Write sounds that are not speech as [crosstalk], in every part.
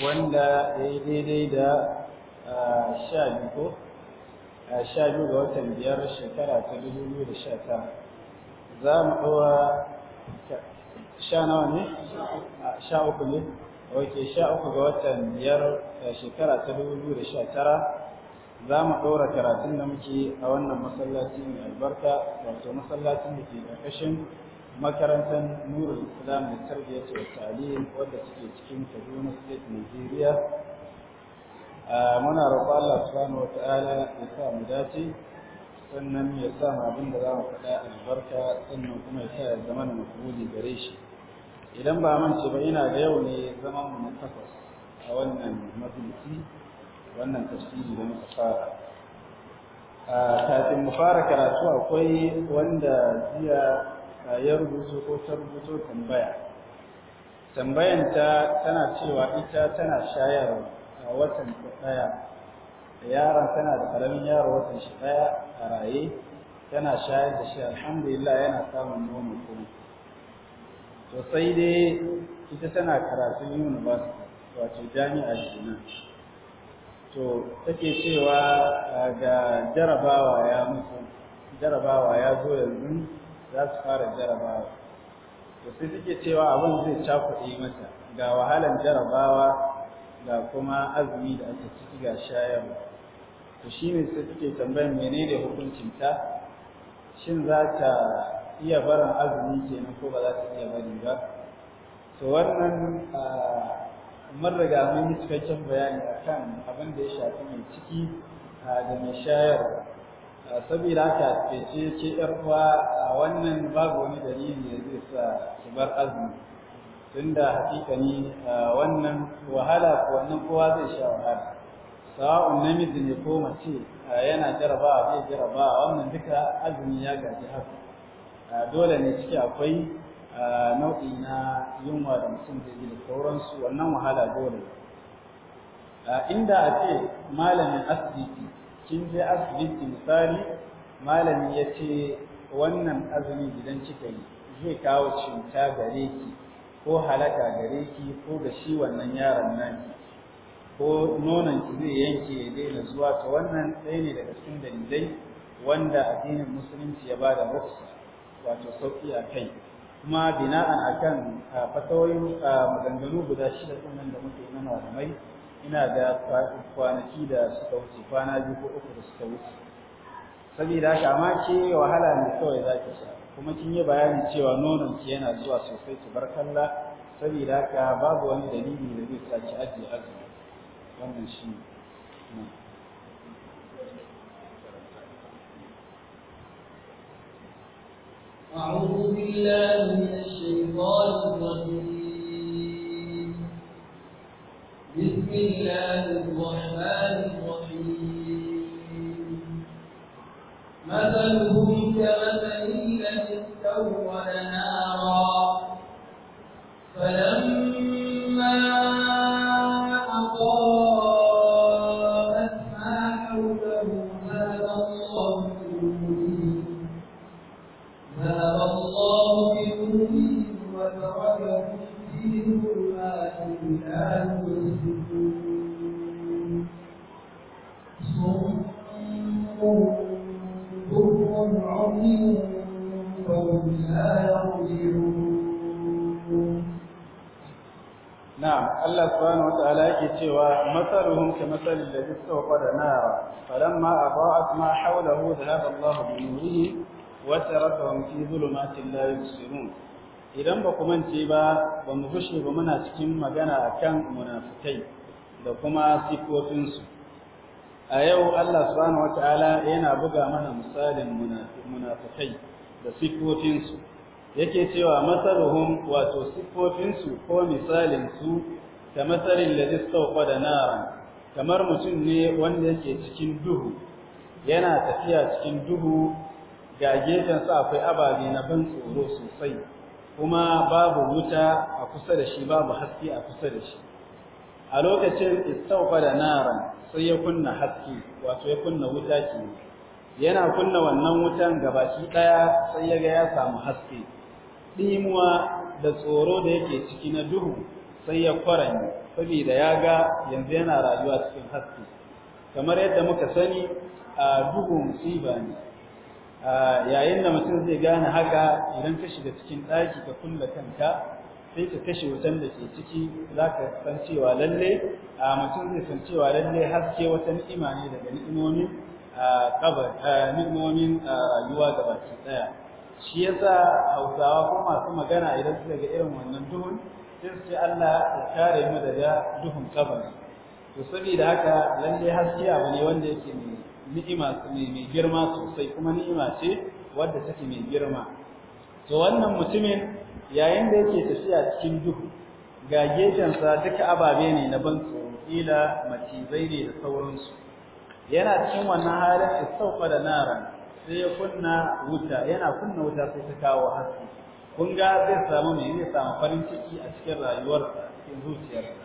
wanda ya yi daidai da ah, sha biyu ah, sha biyu ga watan biyar shekara ta dubu biyu da sha tara za mu ɗowa sha nawa ne ah, sha uku ne wake sha uku ga watan biyar shekara ta dubu biyu da sha tara za mu ɗora karatun da muke a wannan masallacin albarka wato masallacin da ke ƙarƙashin makarantar nurul islam da tarbiyyar da talim wadda suke cikin kaduna state nigeria muna roƙo allah subhanahu wa ta'ala ya sa mu dace sannan ya sa mu abin da za mu faɗa albarka sannan kuma ya sa ya zama na makbuli gare shi idan ba ce ba yana da yau ne zaman mu na takwas a wannan majalisi wannan tafsiri da muka fara kafin mu fara karatu akwai wanda jiya ya rubuto ko ta rubuto tambaya tambayanta tana cewa ita tana shayarwa a watan ɗaya yaron tana da ƙaramin yaro watan shi ɗaya a raye tana shayar da shi alhamdulillah yana samun nono kuma to sai dai ita tana karatun university wato jami'ar kenan to take cewa ga jarabawa ya mutu jarabawa ya zo yanzu za su fara jarabawa to sai suke cewa abin zai cakuɗe mata ga wahalan jarabawa ga kuma azumi da aka ciki ga shayarwa to shine sai suke tambayar menene hukuncin ta shin za ta iya barin azumi kenan ko ba za ta iya bari ba to wannan ah, mun riga mun yi cikakken bayani akan abin da ya shafi mai ciki ah, da mai shayarwa saboda haka ce ce yar uwa wannan babu wani dalili da zai sa ki bar azumi tunda hakikani wannan wahala ko wannan kowa zai sha wahala sawa'un namiji ne ko mace yana jarabawa zai jarabawa wannan duka azumi ya gaji haka dole ne ciki akwai nau'i na yunwa da mutum zai yi da sauransu wannan wahala dole inda a ce malamin asibiti kin je asibiti misali malami ya ce wannan azumi gidan kika yi zai kawo cinta gare ki ko halaka gare ki ko da shi wannan yaron nan. ko nonon ki zai yanke ya daina zuwa ta wannan ɗaya ne daga cikin dalilai wanda addinin musulunci ya bada rufsa wato sauƙi a kai kuma bina'an akan fatawoyin maganganu guda shida ɗin da muke na mai. ina ga kwanaki da suka wuce kwana biyu ko uku da suka wuce saboda haka amma wahala ne kawai za ki sha kuma kin yi bayani cewa nonon ki yana zuwa sosai ki bar kalla saboda haka babu wani dalili da zai sa ki ajiye azumi wannan shi ne أعوذ بالله من الشيطان الرجيم بسم الله الرحمن الرحيم مثلهم كمثل الذي استوى نارا فلما Allah subhanahu wataala yake cewa masaluhum ka masalil ladhi istawqada nara falamma adaa'at ma hawlahu dhahaba Allah bi nurihi wa tarakahum fi dhulumatin la yubsirun idan ba ku mance ba ba mu fushe ba muna cikin magana akan munafikai da kuma sifofinsu a yau Allah subhanahu wataala yana buga mana misalin munafikai da sifofinsu yake cewa masaruhum wato siffofinsu ko misalin su. ka matsalin da zistauka da nara kamar mutum ne wanda yake cikin duhu yana tafiya cikin duhu ga gefensa akwai ababe na ban tsoro sosai kuma babu wuta a kusa da shi babu haske a kusa da shi a lokacin istauka da nara sai ya kunna haske wato ya kunna wuta ke yana kunna wannan wutan gabaki ɗaya sai ya ga ya samu haske Ɗimuwa da tsoro da yake ciki na duhu sai ya kwaranye saboda ya ga yanzu yana rayuwa cikin haske kamar yadda muka sani a duhu musiba ne yayin da mutum zai gane haka idan ka shiga cikin ɗaki ka kulle kanka sai ka kashe wutan da ke ciki za ka san cewa lalle a mutum zai san cewa lalle haske wata ni'ima ne daga ni'imomin ni'imomin rayuwa gabaki ɗaya shi yasa hausawa ko masu magana idan suka ga irin wannan duhun sai su ce Allah ya kare mu daga duhun kabari to saboda haka lalle haske abu ne wanda yake ne ni'ima mai girma sosai kuma ni'ima ce wadda take mai girma to wannan mutumin yayin da yake tafiya cikin duhu ga gefensa duka ababe ne na ban tsoro kila macizai ne da sauransu yana cikin wannan halin da nara sai ya kunna wuta yana kunna wuta sai ta kawo haske kun ga zai samu mai ne samu farin ciki a cikin rayuwarsa cikin zuciyarsa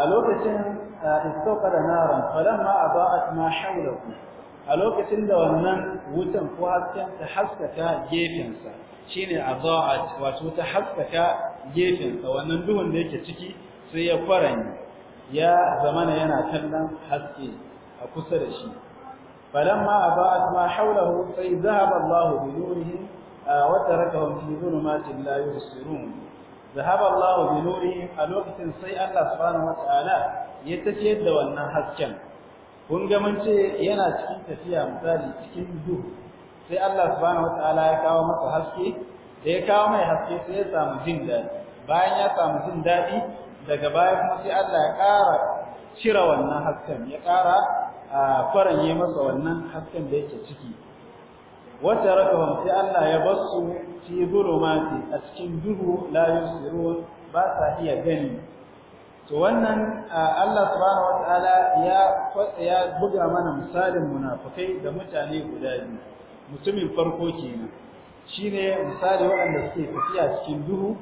a lokacin da naran falamma aba'at ma hawlahu a lokacin da wannan wutan ko hasken ta haskaka gefensa a aba'at wato ta haskaka gefensa wannan duhun da yake ciki sai ya faranye ya zamana yana kallon haske a kusa da shi a aba'at ma hawlahu sai zahaba Allahu bi وتركهم في ظلمات لا يبصرون ذهب الله بنورهم a lokacin sai Allah subhanahu wataala ya tafiyar da wannan hasken kun ga mun ce yana cikin tafiya misali cikin duhu sai Allah subhanahu wataala ya kawo masa haske da ya kawo mai haske sai ya samu jin daɗi bayan ya samu jin daɗi daga baya kuma sai Allah ya ƙara cire wannan hasken ya ƙara faranye masa wannan hasken da yake ciki wata rakahum sai Allah ya basu fi zulumati a cikin duhu la yusirun ba sa iya gani to wannan Allah subhanahu wataala ya ya buga mana misalin munafikai da mutane guda biyu mutumin farko kenan shine misali waɗanda suke tafiya cikin duhu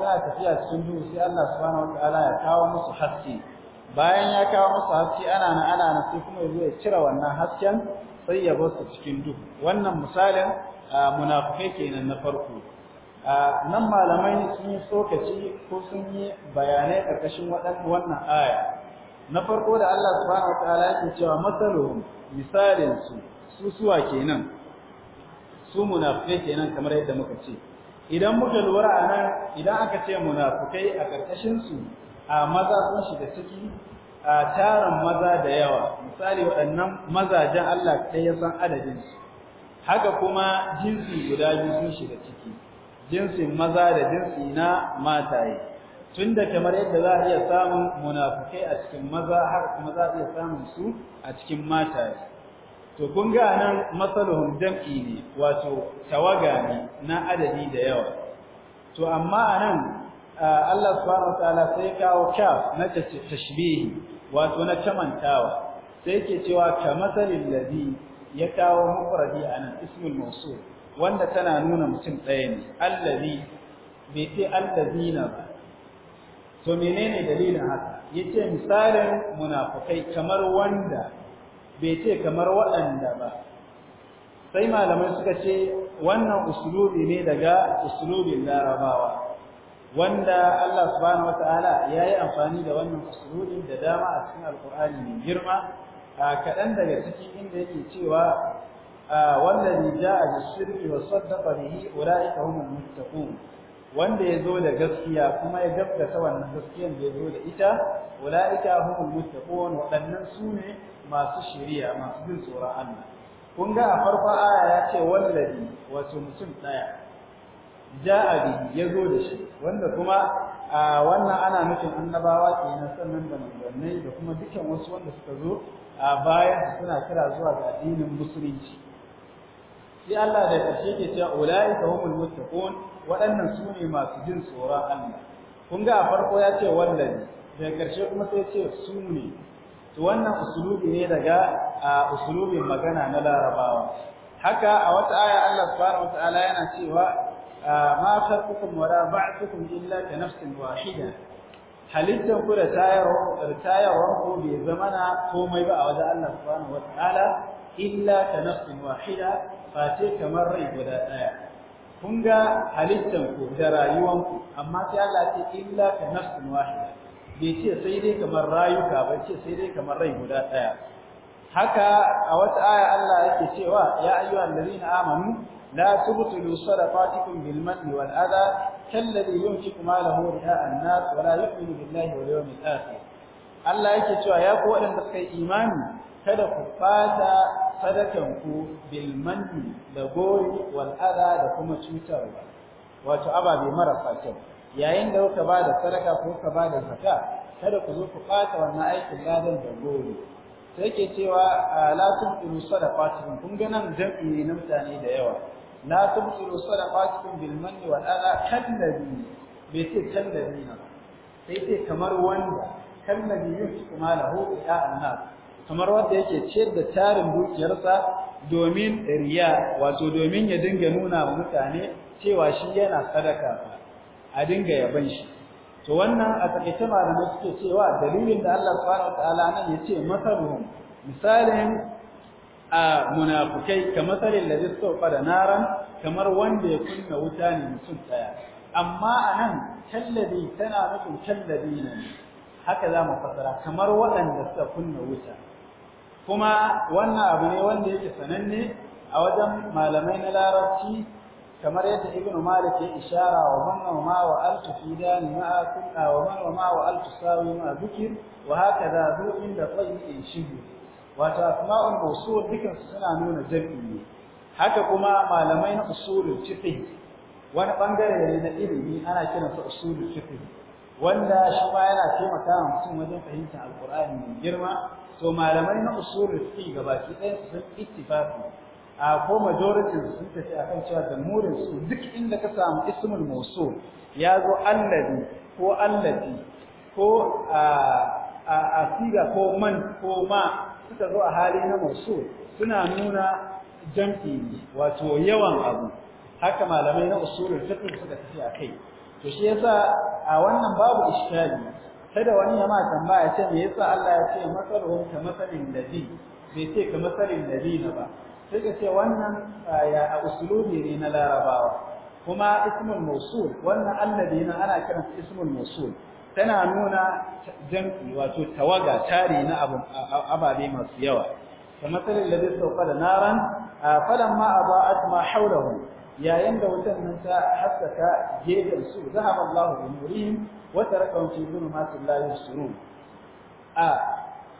suna tafiya cikin duhu sai Allah subhanahu wataala ya kawo musu haske bayan ya kawo musu haske ana na ana na sai kuma ya cire wannan hasken sai ya bar su cikin duk. wannan misalin munafikai kenan na farko nan malamai sun yi tsokaci ko sun yi bayanai karkashin wannan aya na farko da Allah subhanahu ta'ala yake cewa masaluhum misalin su su kenan su munafikai kenan kamar yadda muka ce idan muka lura anan idan aka ce munafikai a karkashin su a maza sun shiga ciki a taron maza da yawa misali waɗannan mazajen Allah ɗaya ya san adadin su haka kuma jinsi guda biyu sun shiga ciki jinsin maza da jinsi na mataye tunda kamar yadda za a iya samun munafukai a cikin maza har kuma za a iya samun su a cikin mataye to kun ga nan masaluhum jam'i ne wato tawaga ne na adadi da yawa to amma a nan. Allah subhanahu wataala sai kawo kaf na tashbihi wato na tamantawa sai yake cewa kamasalil ladhi ya kawo mufradi anan ismul mawsul wanda tana nuna mutum ɗaya ne allazi bai ce allazina ba to menene dalilin haka yace misalin munafukai kamar wanda bai ce kamar waɗanda ba sai malamai suka ce wannan usulubi ne daga usulubin larabawa wanda Allah subhanahu wataala ya yi amfani da wannan usulin da dama a cikin alkur'ani mai girma kaɗan daga ciki inda yake cewa wallazi ja'a a sirri wa saddaqa bihi ulaika humul muttaqun wanda ya zo da gaskiya kuma ya gaskata wannan gaskiyar da ya zo da ita ulaika humul muttaqun waɗannan su ne masu shiriya masu bin tsoron Allah kun ga a farko aya ya ce wallazi wato mutum ɗaya ja'a bi yazo da shi wanda kuma wannan ana nufin annabawa ke kenan sannan da manzannai da kuma dukkan wasu wanda suka zo a bayan suna kira zuwa ga addinin musulunci sai Allah da ƙarshe ke cewa ka humul muttaqun waɗannan su ne masu jin tsoron Allah kun ga a farko ya ce wallahi daga ƙarshe kuma sai ce su ne to wannan usulubi ne daga usulubin magana na larabawa haka a wata aya Allah subhanahu wataala yana cewa ma khalqukum wala ba'thukum illa ka nafsin wahida halittan da tayawar ku bai zama na komai ba a wajen Allah subhanahu wataala illa ka nafsin wahida face kamar rai guda daya kun ga ku da rayuwan ku amma sai Allah ce illa ka nafsin wahida bai ce kamar rayuka ba ce kamar rai guda ɗaya. haka a wata aya Allah yake cewa ya ayyuhal ladina amanu لا تبطلوا صدقاتكم بالمن والأذى كالذي ينفق ماله رئاء الناس ولا يؤمن بالله واليوم الآخر Allah yake cewa ya ku wadanda suka yi imani kada ku fata sadakanku bil manni da gori wal adha da kuma cutarwa wato ababe marasa kyau yayin da kuka ba da sadaka ko kuka ba da zakka kada ku zo ku fata wannan aikin ladan da gori sai ke cewa la tubtilu sadaqatikum kun ga nan jam'i ne na mutane da yawa la tubtilu sadaqatukum bil manni wal adha kallabi bai ce kallabi na sai ce kamar wanda kamar wanda yake ciyar da tarin dukiyarsa domin riya wato domin ya dinga nuna wa mutane cewa shi yana sadaka a dinga yaban shi to wannan a takaice malamai suke cewa dalilin da Allah subhanahu wataala nan yace masaruhum misalin a munafukai kamar salin da zai fada naran kamar wanda ya kunna wuta ne mutum daya amma anan tallabi tana nufin tallabi ne haka za mu fasara kamar waɗanda suka kunna wuta kuma wannan abu ne wanda yake sananne a wajen malamai na larabci kamar yadda ibnu malik ya ishara wa man wa ma wa altu fidani kunna wa man wa ma wa altu sawi ma dhikr wa hakaza zu inda tayyibin shibu wato asma'ul mawsul dukan suna nuna jam'i ne haka kuma malamai na usulul fiqh wani bangare ne na ilimi ana kiransa usulul fiqh wanda shi ma yana taimaka wa mutum wajen fahimtar alqur'ani mai girma to malamai na usulul fiqh gabaki ɗaya su san ittifaqi a ko majority sun tafi akan cewa da murin su duk inda ka samu ismul mawsul ya zo allazi ko allati ko a a asiga ko man ko ma suka zo a hali na mausul suna nuna jam'i wato yawan abu haka malamai na usulul fiqh suka tafi a kai to shi yasa a wannan babu iskali kada wani ya ma tambaya ce me yasa Allah ya ce masalun ka masalin ladhi bai ce ka masalin na ba sai ka ce wannan ya a usuluni ne na larabawa kuma ismul mausul wannan alladina ana kiransa ismul mausul tana nuna jam'i wato tawaga tare na abu ababe masu yawa kamar tsarin da zai sauka da naran A aba'at ma hawlahu yayin da wutan nan ta haskaka gefen su zahaba Allahu bi nurihim wa tarakahum fi dhulumatin la yusirun a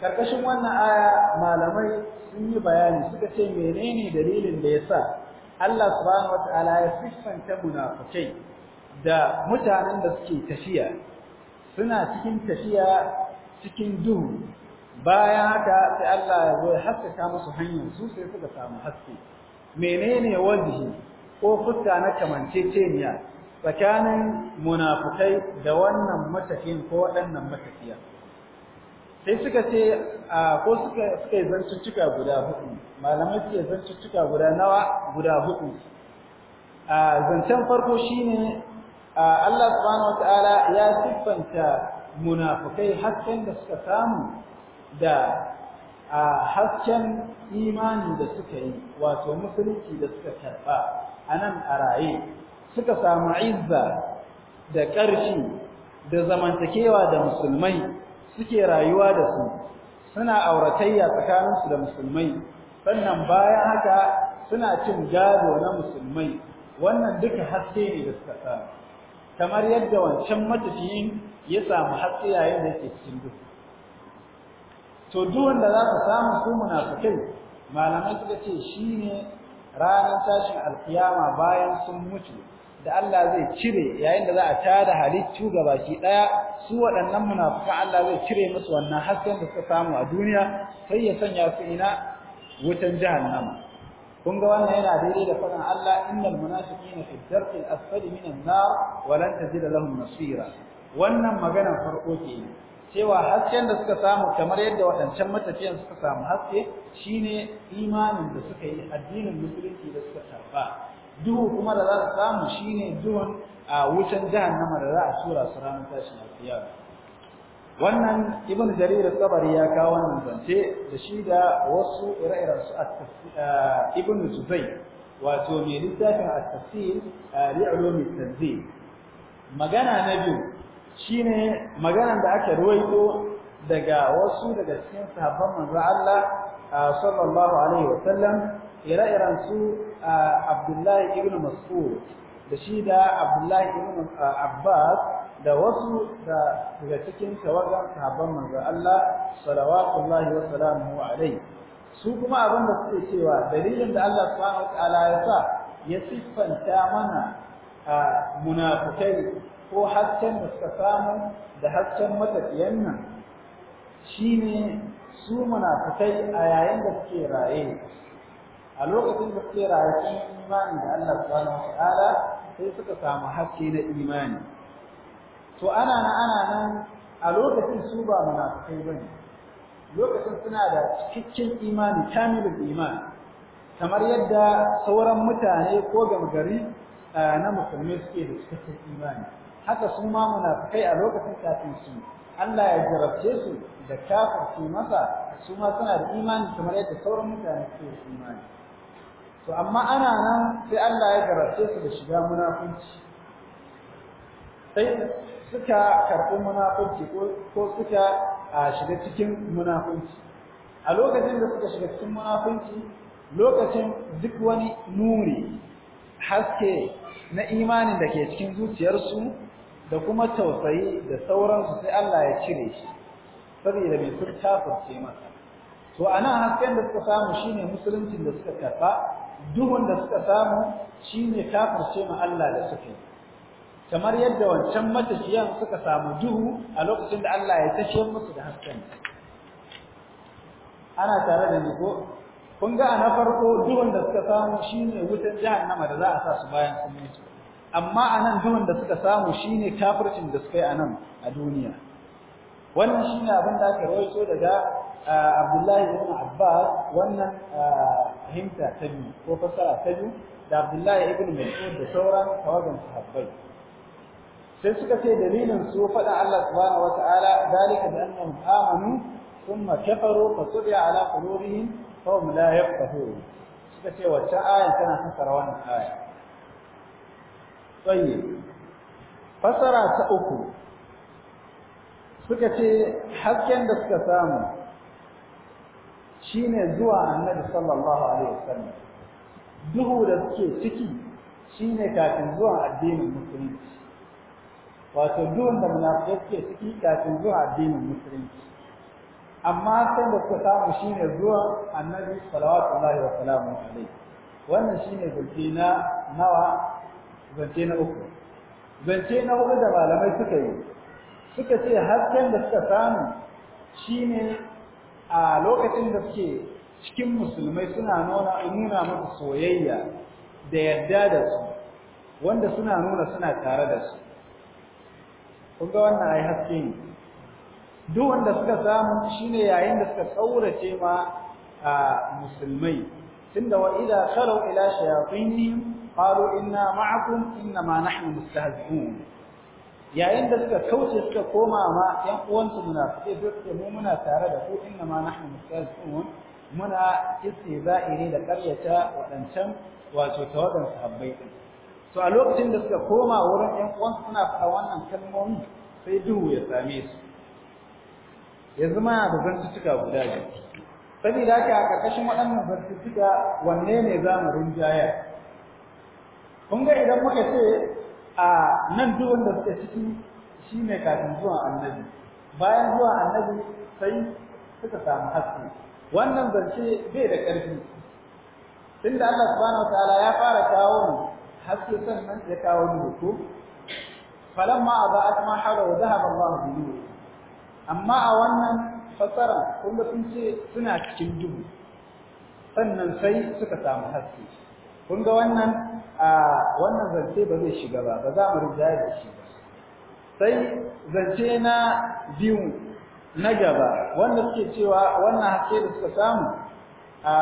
karkashin wannan aya malamai sun yi bayani suka ce menene dalilin da ya sa Allah subhanahu wataala ya siffanta munafikai da mutanen da suke tafiya suna cikin tafiya cikin duhu bayan haka sai Allah ya zo ya haskaka musu hanyar su sai suka samu haske menene wajihi ko fuska na kamance teniya? tsakanin munafukai da wannan matafiyin ko waɗannan matafiya sai suka ce ko suka suka yi zantuttuka guda hudu malamai suke zantuttuka guda nawa guda hudu a zancen farko shine Allah subhanahu wataala ya siffanta munafukai hasken da suka samu da a hasken imani da suka yi wato musulunci da suka karba a nan a raye suka samu izza da ƙarfi da zamantakewa da musulmai suke rayuwa da su suna auratayya tsakaninsu da musulmai sannan bayan haka suna cin gado na musulmai wannan duka haske ne da suka samu kamar yadda wancan matafiyin ya samu haske yayin da yake cikin duhu to duk wanda za ka samu su munafikai malamai suka ce shi ne ranar tashin alkiyama bayan sun mutu da Allah zai cire yayin da za a tada halittu ga baki daya su waɗannan munafikan Allah zai cire musu wannan hasken da suka samu a duniya sai ya sanya su ina wutan jahannama kun ga wannan yana daidai da faɗin Allah innal munafiqina fi dharqi al-asfali minan nar wa lan tajida lahum nasira wannan maganar farko kenan cewa hasken da suka samu kamar yadda wadancan matafiyan suka samu haske shine imanin da suka yi addinin musulunci da suka tarba duhu kuma da za su samu shine duhun a wucin jahannama da za a tura su ranar tashin alkiyama wannan ibn jarir sabari ya kawo wannan zance da shi da wasu ire su ibn zubayr wato mai littafin at-tafsir li ulum tanzil magana na biyu shine maganan da aka ruwaito daga wasu daga cikin sahabban manzo Allah sallallahu alaihi wa sallam ire-iren su Abdullahi ibn Mas'ud da shi da Abdullahi ibn Abbas da wasu da daga cikin tawaga sahabban manzo Allah sallallahu wa sallamu alaihi su kuma abin da suke cewa dalilin da Allah subhanahu ta'ala ya sa ya siffanta mana a munafikai ko hasken da suka samu da hasken matafiyan nan shine su munafikai a yayin da suke raye a lokacin da suke raye cikin imani da Allah subhanahu ta'ala sai suka samu haske na imani to ana na ana nan a lokacin su ba munafikai bane lokacin suna da cikakken imani kamilul iman kamar yadda sauran mutane ko gamgari na musulmi suke da cikakken imani haka su ma munafikai a lokacin kafin su Allah ya jarabce su da kafirci masa su ma suna da imani kamar yadda sauran mutane suke da imani to amma ana nan sai Allah ya jarabce su da shiga munafunci sai suka karɓi munafunci ko suka shiga cikin munafunci a lokacin da suka shiga cikin munafunci lokacin duk wani nuri haske na imanin da ke cikin zuciyarsu da kuma tausayi da sauransu sai Allah ya cire shi saboda mai sun kafirce masa to anan hasken da suka samu shine musuluncin da suka karɓa, duhun da suka samu shine kafirce ma Allah da suke kamar yadda wancan matashiyan suka samu duhu a lokacin da Allah ya tashe musu da hasken ana tare da niko kun ga na farko duhun da suka samu shine wutan jahannama da za a sa su bayan sun mutu amma anan duhun da suka samu shine kafircin da suka yi anan a duniya wannan shine abin da aka rawaito daga Abdullahi ibn Abbas wannan himta ta biyu ko fassara ta biyu da Abdullahi ibn Mas'ud da sauran tawagan sahabbai sai suka ce dalilin su faɗa Allah subhanahu wata'ala zalika bi annahum amanu thumma kafaru fa tubi'a ala qulubihim fa hum la yafqahun suka ce wacce aya tana fassara wannan aya tayyib Fasara ta uku suka ce hasken da suka samu shine zuwa annabi sallallahu alaihi wasallam duhu da suke ciki shine kafin zuwa addinin musulunci wato duwan da munafikai suke kafin zuwa addinin musulunci amma sai da suka samu shine zuwa annabi salawatullahi wa salamu wannan shine zance na nawa zance na uku zance na uku da malamai suka yi suka ce hasken da suka samu shine a lokacin da suke cikin musulmai suna nuna nuna musu soyayya da yarda da su wanda suna nuna suna tare da su kunga ga wannan ai haske ne duk wanda suka samu shine yayin da suka tsaurace ma a musulmai tunda wa idza khalu ila shayatinihim qalu inna ma'akum inna nahnu mustahzi'un yayin da suka kauce suka koma ma yan uwansu munafiki duk mu muna tare da ku inna ma nahnu mustahzi'un muna istihza'i ne da karyata wadancan wato tawadan sahabbai din to a lokacin da suka koma wurin yan uwansu suna faɗa wannan kalmomi sai duhu ya same su ya zama da zantuttuka guda biyu saboda haka a ƙarƙashin waɗannan zantuttuka wanne ne za mu rinjayar kun ga idan muka ce a nan duhun da suka ciki shi ne kafin zuwa annabi bayan zuwa annabi sai suka samu haske wannan zance bai da ƙarfi tunda Allah subhanahu ta'ala ya fara kawo mu haske sannan ya kawo ni ko falamma aba'at atma hara wa dhahaba Allah bi nuri amma a wannan fasara kun ga sun ce suna cikin duhu sannan sai suka samu haske kun ga wannan a wannan zance ba zai shiga ba ba za mu rija da shi ba sai zance na biyu na gaba wanda suke cewa wannan haske da suka samu a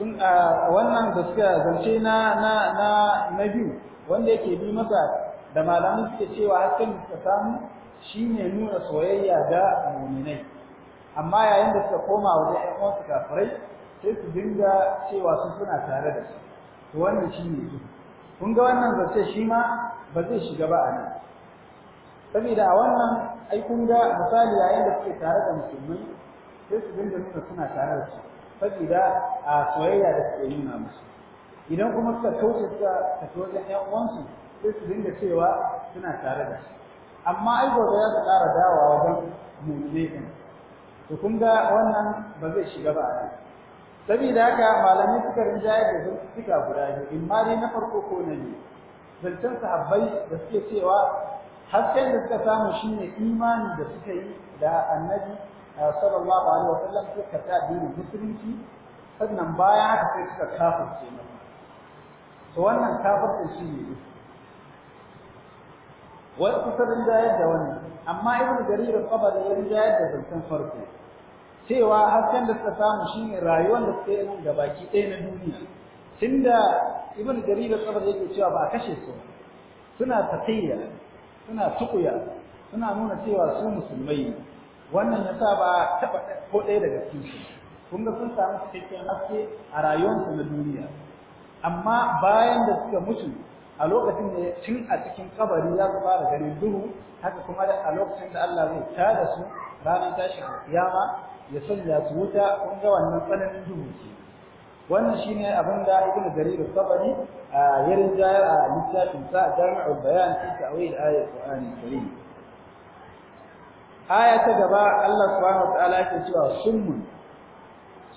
sun a wannan gaskiya, zance na na na na biyu wanda yake bi masa da malamin suke cewa hasken da samu shine nuna soyayya ga mu'minai amma yayin da suka koma wajen uwan su kafirai sai su dinga cewa su suna tare da su to wannan shine su kun ga wannan zance shi ma ba zai shiga ba a nan saboda a wannan ai kun ga misali yayin da suke tare da musulmai sai su dinga nuna suna tare da su saboda a soyayya da suke nuna musu idan kuma suka kauce suka tafi wajen ƴan uwansu sai su dinga cewa suna tare da shi amma ai gobe za su ƙara dawowa wajen mu'mini din to kun ga wannan ba zai shiga ba a saboda haka malamai suka rinjaye da suka guda biyu in ma dai na farko ko na biyu zancen sahabbai da suke cewa hasken da suka samu shine imani da suka yi da annabi ba alaihi wasallam suka ta addinin musulunci sannan baya haka sai suka kafirce masa to wannan kafircin shi ne wai kusurin jayar da wannan amma ibn jarir al-qabr ya jayar da zancen farko cewa hasken da suka samu shine rayuwar da suka yi nan gabaki ɗaya na duniya Tinda ibn jarir al-qabr yake cewa ba a kashe su ba. suna taqiyya suna tukuya suna nuna cewa su musulmai ne wannan ya sa ba taba ko ɗaya daga cikinsu kun ga sun samu cikakken haske a rayuwarsu na duniya amma bayan da suka mutu a lokacin da tun a cikin kabari za su fara gani duhu haka kuma a lokacin da Allah zai ta da su ranar a kiyama ya sanya su wuta kun ga wannan tsananin duhu ce wannan shine abin da Ibn Jarir kabari a ya rinjayar a littafin sa Jami'ul Bayan fi Ta'wil Ayatul Qur'an Karim aya ta gaba Allah subhanahu wataala yake cewa summun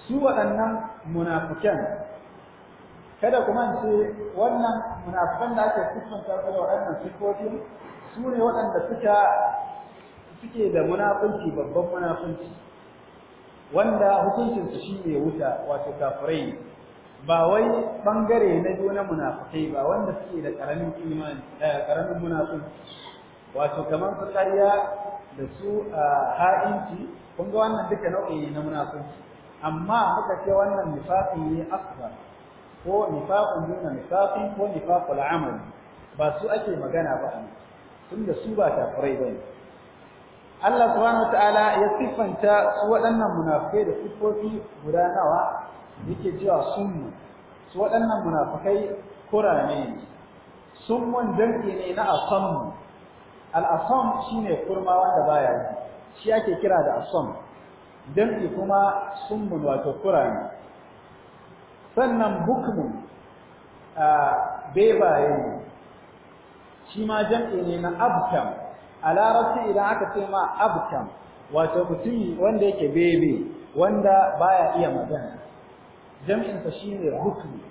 su waɗannan munafikan kada ku ce wannan munafikan da ake siffanta da waɗannan sifofi su ne waɗanda suka suke da munafunci babban munafunci wanda hukuncinsu shi ne wuta wato kafirai ba wai bangare na biyu na ba wanda suke da karamin imani da eh, karamin munafunci wato kamar su ƙarya da su ha'inci kun ga wannan duka nau'i na munafunci amma muka ce wannan nifaqi ne akbar ko nifaqun duna nifaqin ko nifaqul amal ba su ake magana ba tunda su ba kafirai bane Allah subhanahu wataala ya siffanta su waɗannan munafikai da sifofi guda nawa yake cewa sunnu su waɗannan munafikai kurame ne summun jam'i ne na asammu al shi shine kurma wanda baya yi shi ake kira da asam Jam'i kuma summun wato kurani sannan bukmin a bebaye shi ma jam'i ne na abkam a larabci idan aka ce ma abkam wato mutumi wanda yake bebe wanda baya iya magana jam'insa shine bukmi.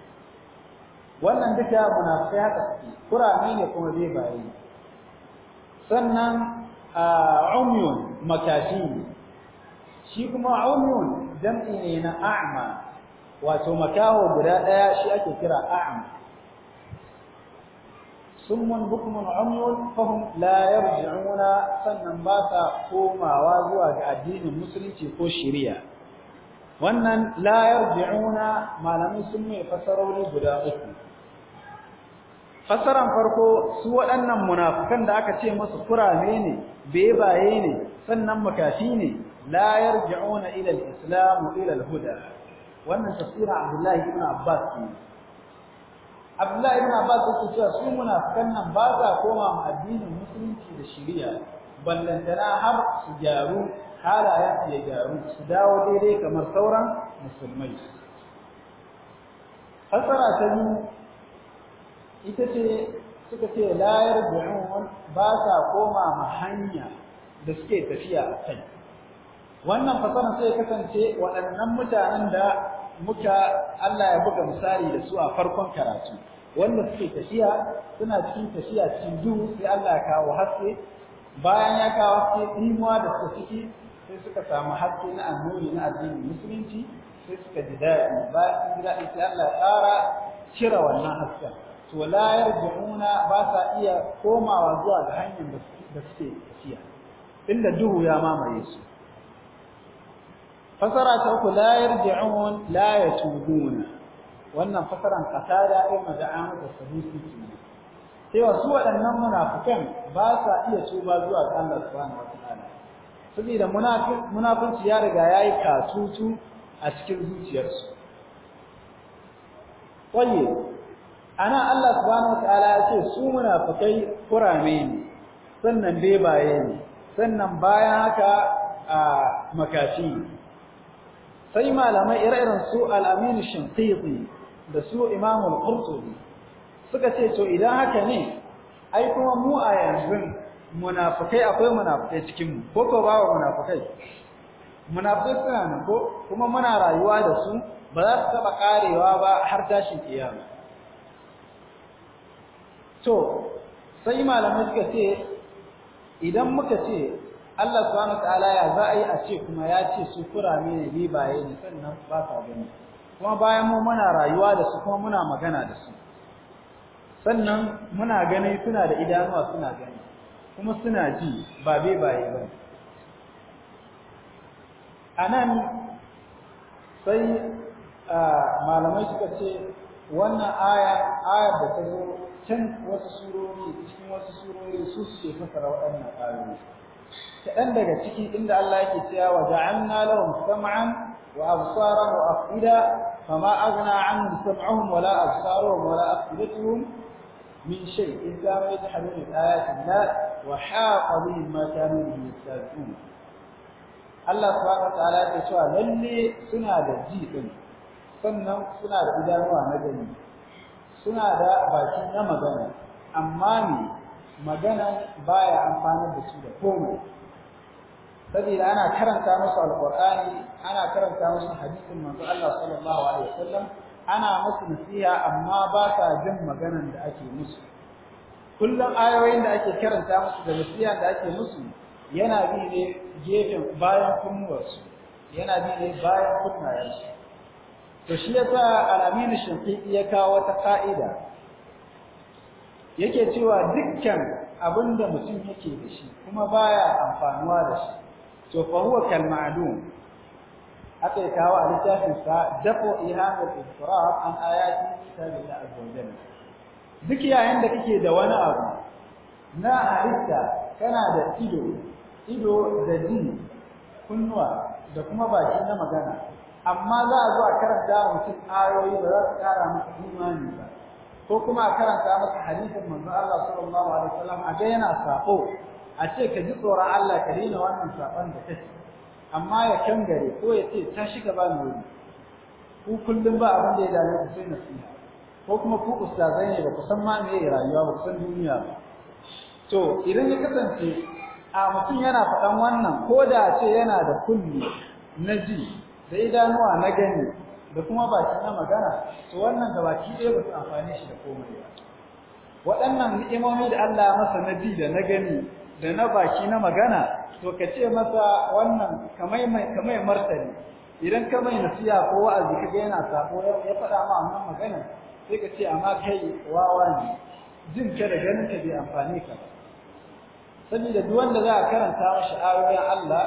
wannan duka munafiya ta kurame ne kuma bebaye sannan umyun makashi shi kuma umyun jam'i ne na a'ma wato makaho guda daya shi ake kira a'ma summun bukmun umyun fahum la yarji'una sannan ba sa komawa zuwa ga addinin musulunci ko shari'a wannan la yarji'una malamin sun mai fasarori guda uku fasaran farko su waɗannan munafukan da aka ce musu kurame ne bebaye ne sannan makafi ne la yarji'una ila al-islam ila al-huda wannan tafsirin Abdullahi ibn Abbas ne Abdullahi ibn Abbas yake cewa su munafukan nan ba za koma ma addinin musulunci da shari'a ballantana har su gyaru halayen ya gyaru su dawo daidai kamar sauran musulmai fasara ta biyu ita ce suka ce layar yarji'un ba sa koma ma hanya da suke tafiya a kai wannan fasara sai kasance waɗannan mutanen da muka Allah ya buga misali da su a farkon karatu wanda suke tafiya suna cikin tafiya cikin duhu sai Allah ya kawo haske bayan ya kawo haske imuwa da suka ciki sai suka samu haske na annuri na addinin musulunci sai suka ji daɗi bayan sun ji daɗi sai Allah ya ƙara cire wannan hasken to la yarji'una ba sa iya komawa zuwa ga hanyar da suke tafiya inda duhu ya mamaye su fasara ta uku la yarji'un la yatubuna wannan fasaran qatada ai da'am da sadusi kenan Sai wasu waɗannan munafikan ba sa iya tuba zuwa ga Allah subhanahu wataala saboda munafinci ya riga yayi katutu a cikin zuciyarsu Ƙwaye, ana Allah subhanahu wataala ya ce su munafikai kurame ne sannan bebaye ne sannan bayan haka a makashi sai malamai ire-iren su al-Amin Shinqiti da su Imam al-Qurtubi suka ce to idan haka ne ai kuma mu a yanzu munafikai akwai munafikai cikin mu ko ko ba munafikai munafikai suna nan ko kuma muna rayuwa da su ba za su taba karewa ba har tashin kiyama to sai malamai suka ce idan muka ce Allah subhanahu wataala ya za a yi a ce kuma ya ce su kurame ne ni baye ne sannan ba sa gani kuma bayan mu muna rayuwa da su kuma muna magana da su sannan muna gani suna da idanuwa suna gani kuma suna ji ba bai baye ba anan sai malamai suka ce wannan aya ayar da ta zo can wasu surori cikin wasu surori su suke fasara waɗannan ayoyi kaɗan daga ciki inda Allah yake cewa wa ja'alna lahum sam'an wa absaran wa afida fama aghna anhum sam'uhum wala absaruhum wala afidatuhum min shay illa ma yajhadun ayatin la wa haqa bihim ma kanu yastahzi'un Allah subhanahu wa ta'ala ya ce lalle suna da ji din sannan suna da idanuwa na gani suna da baki na magana amma ne magana baya amfanar da su da komai saboda ana karanta musu alqur'ani ana karanta musu hadisin manzo Allah sallallahu alaihi wasallam ana musu nasiha amma ba sa jin maganan da ake musu kullum ayoyin da ake karanta musu da nasiha da ake musu yana bi ne gefen bayan kunnuwarsu yana bi ne bayan kunnayensu to shi yasa al-Amin Shinqiti ya kawo wata ka'ida yake cewa dukkan abinda mutum yake da shi kuma baya amfanuwa da shi to fa huwa kal ma'lum kawo a littafin sa dafu al israf an ayati kitabillah azza duk yayin da kake da wani abu na halitta kana da ido ido da ji kunnuwa da kuma baki na magana amma za a zo a karanta mutum ayoyi ba za su kara masa imani ba ko kuma a karanta masa hadisin manzo Allah sallallahu alaihi wasallam a ga yana sako a ce ka ji tsoron Allah ka daina wannan sakon da kake amma ya gare ko ya ce ta shiga ba wuri ku kullum ba abin da ya dame ku sai nasiha ko kuma ku ustazai ne ba ku san ma meye rayuwa ba ku san duniya ba to idan ya kasance a mutum yana faɗan wannan ko da ce yana da kulli na ji da idanuwa na gani da kuma baki na magana to wannan da baki ɗaya ba su amfane shi da komai ba waɗannan ni'imomi da Allah ya masa na ji da na gani da na baki na magana to ka ce masa wannan kamai mai kamai martani idan ka mai nasiya ko wa'azi kaga yana sako ya faɗa ma wannan magana sai ka ce amma kai wawa ne jin ka da ganin ka bai amfane ka ba saboda duk wanda za a karanta mashi ayoyin Allah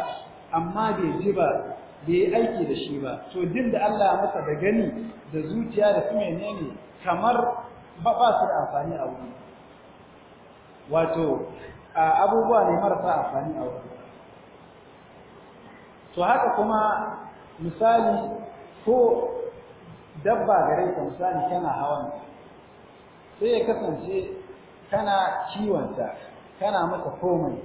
amma bai ji ba bai yi aiki da shi ba to din da Allah ya masa da gani da zuciya da kuma ne-ne kamar ba ba su da amfani a wuri wato abubuwa ne marasa amfani a wuri to haka kuma misali ko dabba ga ka misali kana hawan sai ya kasance kana kiwonta kana masa komai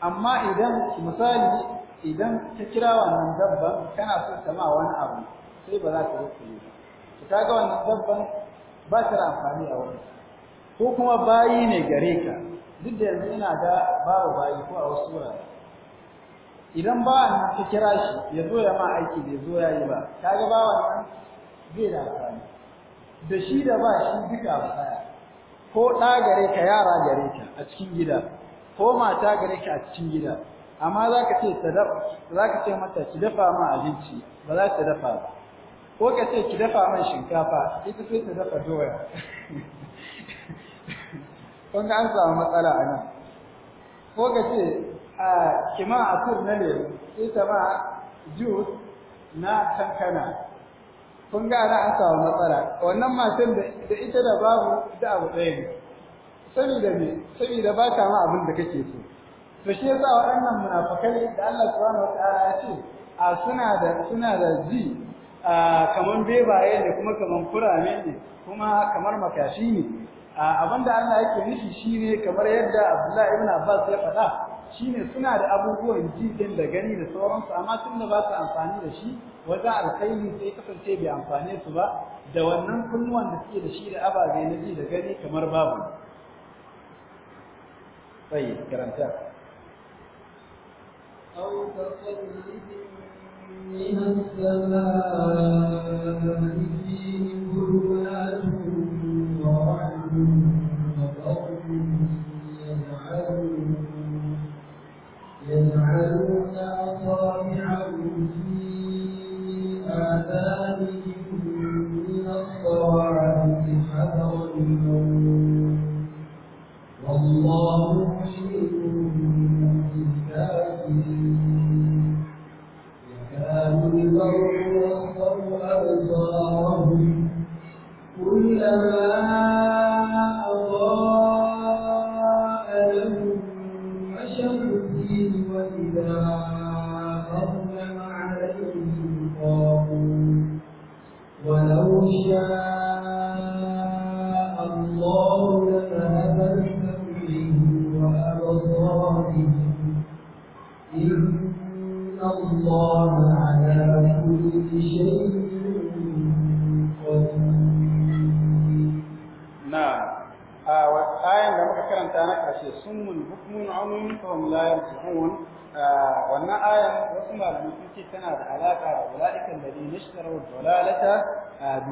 amma idan misali idan ta kira wannan dabban kana so ta ma wani abu sai ba za ta rukuni ba to kaga wannan dabban ba ta da amfani a wani ko kuma bayi ne gare ka duk da yanzu ina ga babu bayi ko a wasu wurare idan ba an ta kira shi ya zo ya ma aiki bai zo ya yi ba kaga ba wannan zai da amfani da shi da ba shi duka ba ko ɗa gare ka yara gare ka a cikin gida ko mata gare ka a cikin gida amma za ka ce za ka ce mata ki dafa ma abinci ba za ta dafa ba ko ka ce ki dafa man shinkafa ita ce ta dafa doya [laughs] kun ga an samu matsala a nan ko ka ce a kima a tur na ne ita ma juice na kankana kun ga ana an samu matsala wannan matan da ita da babu da abu ɗaya ne sabida me ba ta ma abin da kake so to shi yasa waɗannan munafikai da Allah subhanahu wataala ya ce a suna da suna da ji kaman bebaye ne kuma kaman kurame ne kuma kamar makashi ne abinda Allah yake nishi shine kamar yadda Abdullahi ibn Abbas ya faɗa shine suna da abubuwan ji din da gani da sauransu amma tunda ba su amfani da shi wajen alkhairi sai kasance bai amfane su ba da wannan kunnuwan da suke da shi da ababe na ji da gani kamar babu طيب karanta. أو كصيب من السماء فيه برهات ورعد وبرق يجعلون يجعلون أصابعهم في آذانهم من الصواعق حذر الموت والله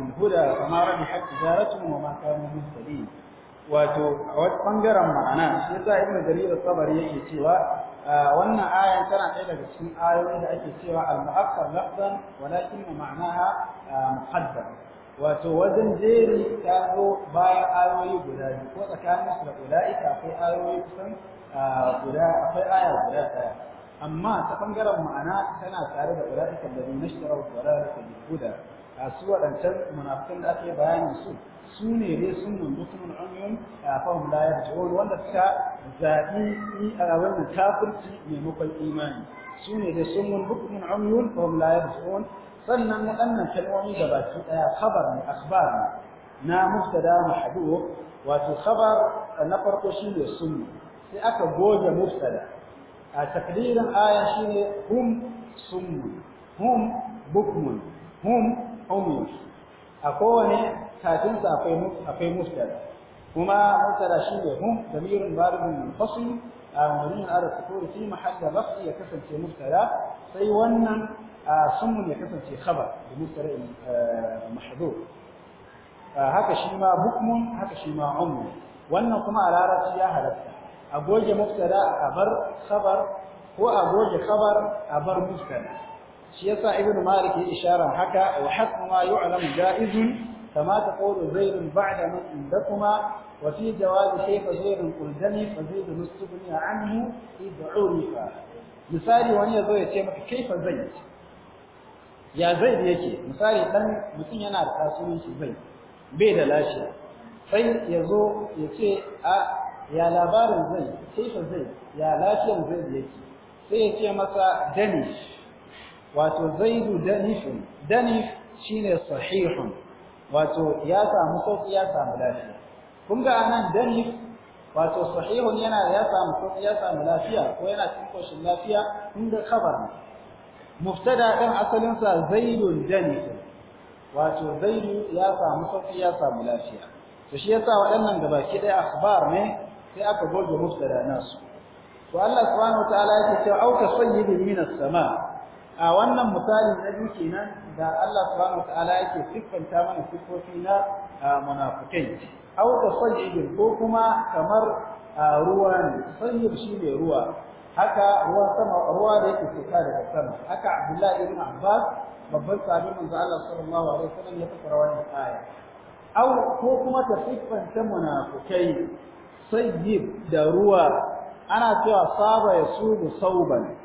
الهدى فما ربحت تجارتهم وما كانوا مهتدين wato a wata bangaren ma'ana shi yasa ibnu jarir sabari yake cewa wannan ayan tana ɗaya daga cikin ayoyi da ake cewa al-mu'akkar lafzan walakin ma'anaha wato wajen jeri ta zo bayan ayoyi guda biyu ko tsakanin su da ulaika akwai ayoyi kusan guda akwai aya guda ɗaya amma ta bangaren ma'ana tana tare da ulaika da nashtara da ulaika bil huda a su waɗancan munafikan da ake bayanin su su ne dai sun nan mutumin umyun a fahim la yarji'un wanda suka zaɓi a wannan kafirci maimakon imani su ne dai sun nan mutumin umyun fahim la yarji'un sannan waɗannan kalmomi da baki ɗaya khabar ne akhbar ne na mubtada mahdhuf wato khabar na farko shi ne sunna sai aka goge mubtada a takdirin aya shine hum sunna hum bukmun hum ummi a kowane kafin sa akwai akwai mubtada kuma mubtada shine hum damirun baridun munfasil a wurin al-sukuri fi mahall raf'i ya kasance mubtada sai wannan sumun ya kasance khabar da mubtada eh, mahdhuf haka shi ma bukmun haka shi ma ummi wannan kuma a larabci ya halatta a goge mubtada a bar khabar ko a goge khabar a bar mubtada shi yasa ibnu malik yi ishara haka wa hasbu ma yu'lam jaizun kama taqulu zaidun ba'da man indakuma wa fi jawaz kayfa zaidun quldani fa zaidun nustughni anhu id'uni fa misali wani yazo ya ce maka kaifa zaid ya zaid yake misali dan mutum yana da kasuwanci zaid bai da lashi sai yazo ya ce a ya labarin zaid kaifa zaid ya lafiyar zaid yake sai ya ce masa danish wato zaidu danifun danif shine sahihun wato ya samu sauki ya samu lafiya kun ga anan danif wato sahihun yana ya samu sauki ya samu lafiya ko yana cikin koshin lafiya kun ga khabar mubtada din asalin sa zaidun danif wato zaidu ya samu sauki ya samu lafiya to shi yasa waɗannan gabaki ɗaya akhbar ne sai aka goge mubtada nasu to Allah subhanahu wataala yake cewa auka sayyidin minas sama' a wannan misali na biyu kenan da Allah subhanahu wataala yake siffanta mana siffofi na munafikai aw ka sayyid ko kuma kamar ruwa ne sayyid shine ruwa haka ruwan sama ruwa da yake sauka daga sama haka Abdullah ibn Abbas babban sahabi manzo Allah sallallahu alaihi wasallam ya fara wannan aya aw ko kuma ta siffanta munafikai sayyid da ruwa ana cewa saba yasubu sauban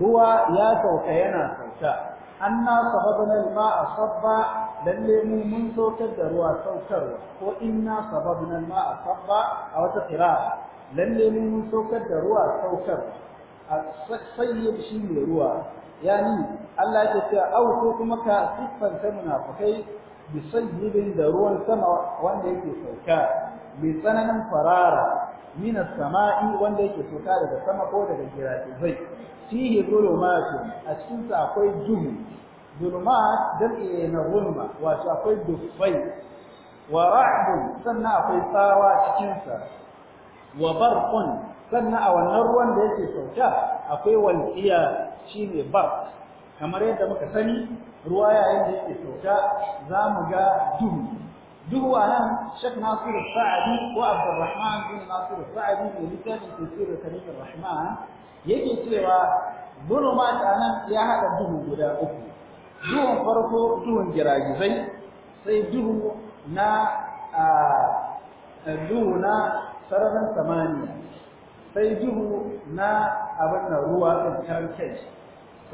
ruwa ya sauka yana sauka anna sababna alma asabba sabba lalle mu mun saukar da ruwa saukarwa ko inna sababna alma asabba sabba a wata qira'a lalle mu mun saukar da ruwa saukar. A sayyid shi ne ruwa yani Allah ya ce au ko kuma ka siffan ta munafikai bi sayyidin da ruwan sama wanda yake sauka mai tsananin farara min samai wanda yake sauka daga sama ko daga girafizai fihi zulumatun a cikin sa akwai duhu zulumat jam'i na zulma wato akwai dufai wa sannan akwai tsawa cikin sa wa barqun sannan a wannan ruwan da yake sauka akwai walqiya shine barq kamar yadda muka sani ruwa yayin da yake sauka zamu ga duhu duhu a nan shek nasiru sa'adi ko abdurrahman bin nasiru sa'adi mai littafin tafsirin karim rahman yake cewa zulumat a nan ya haɗa duhu guda uku duhun farko duhun giragizai sai duhu na sararin samani sai duhu na abin da ruwa ɗin karan kai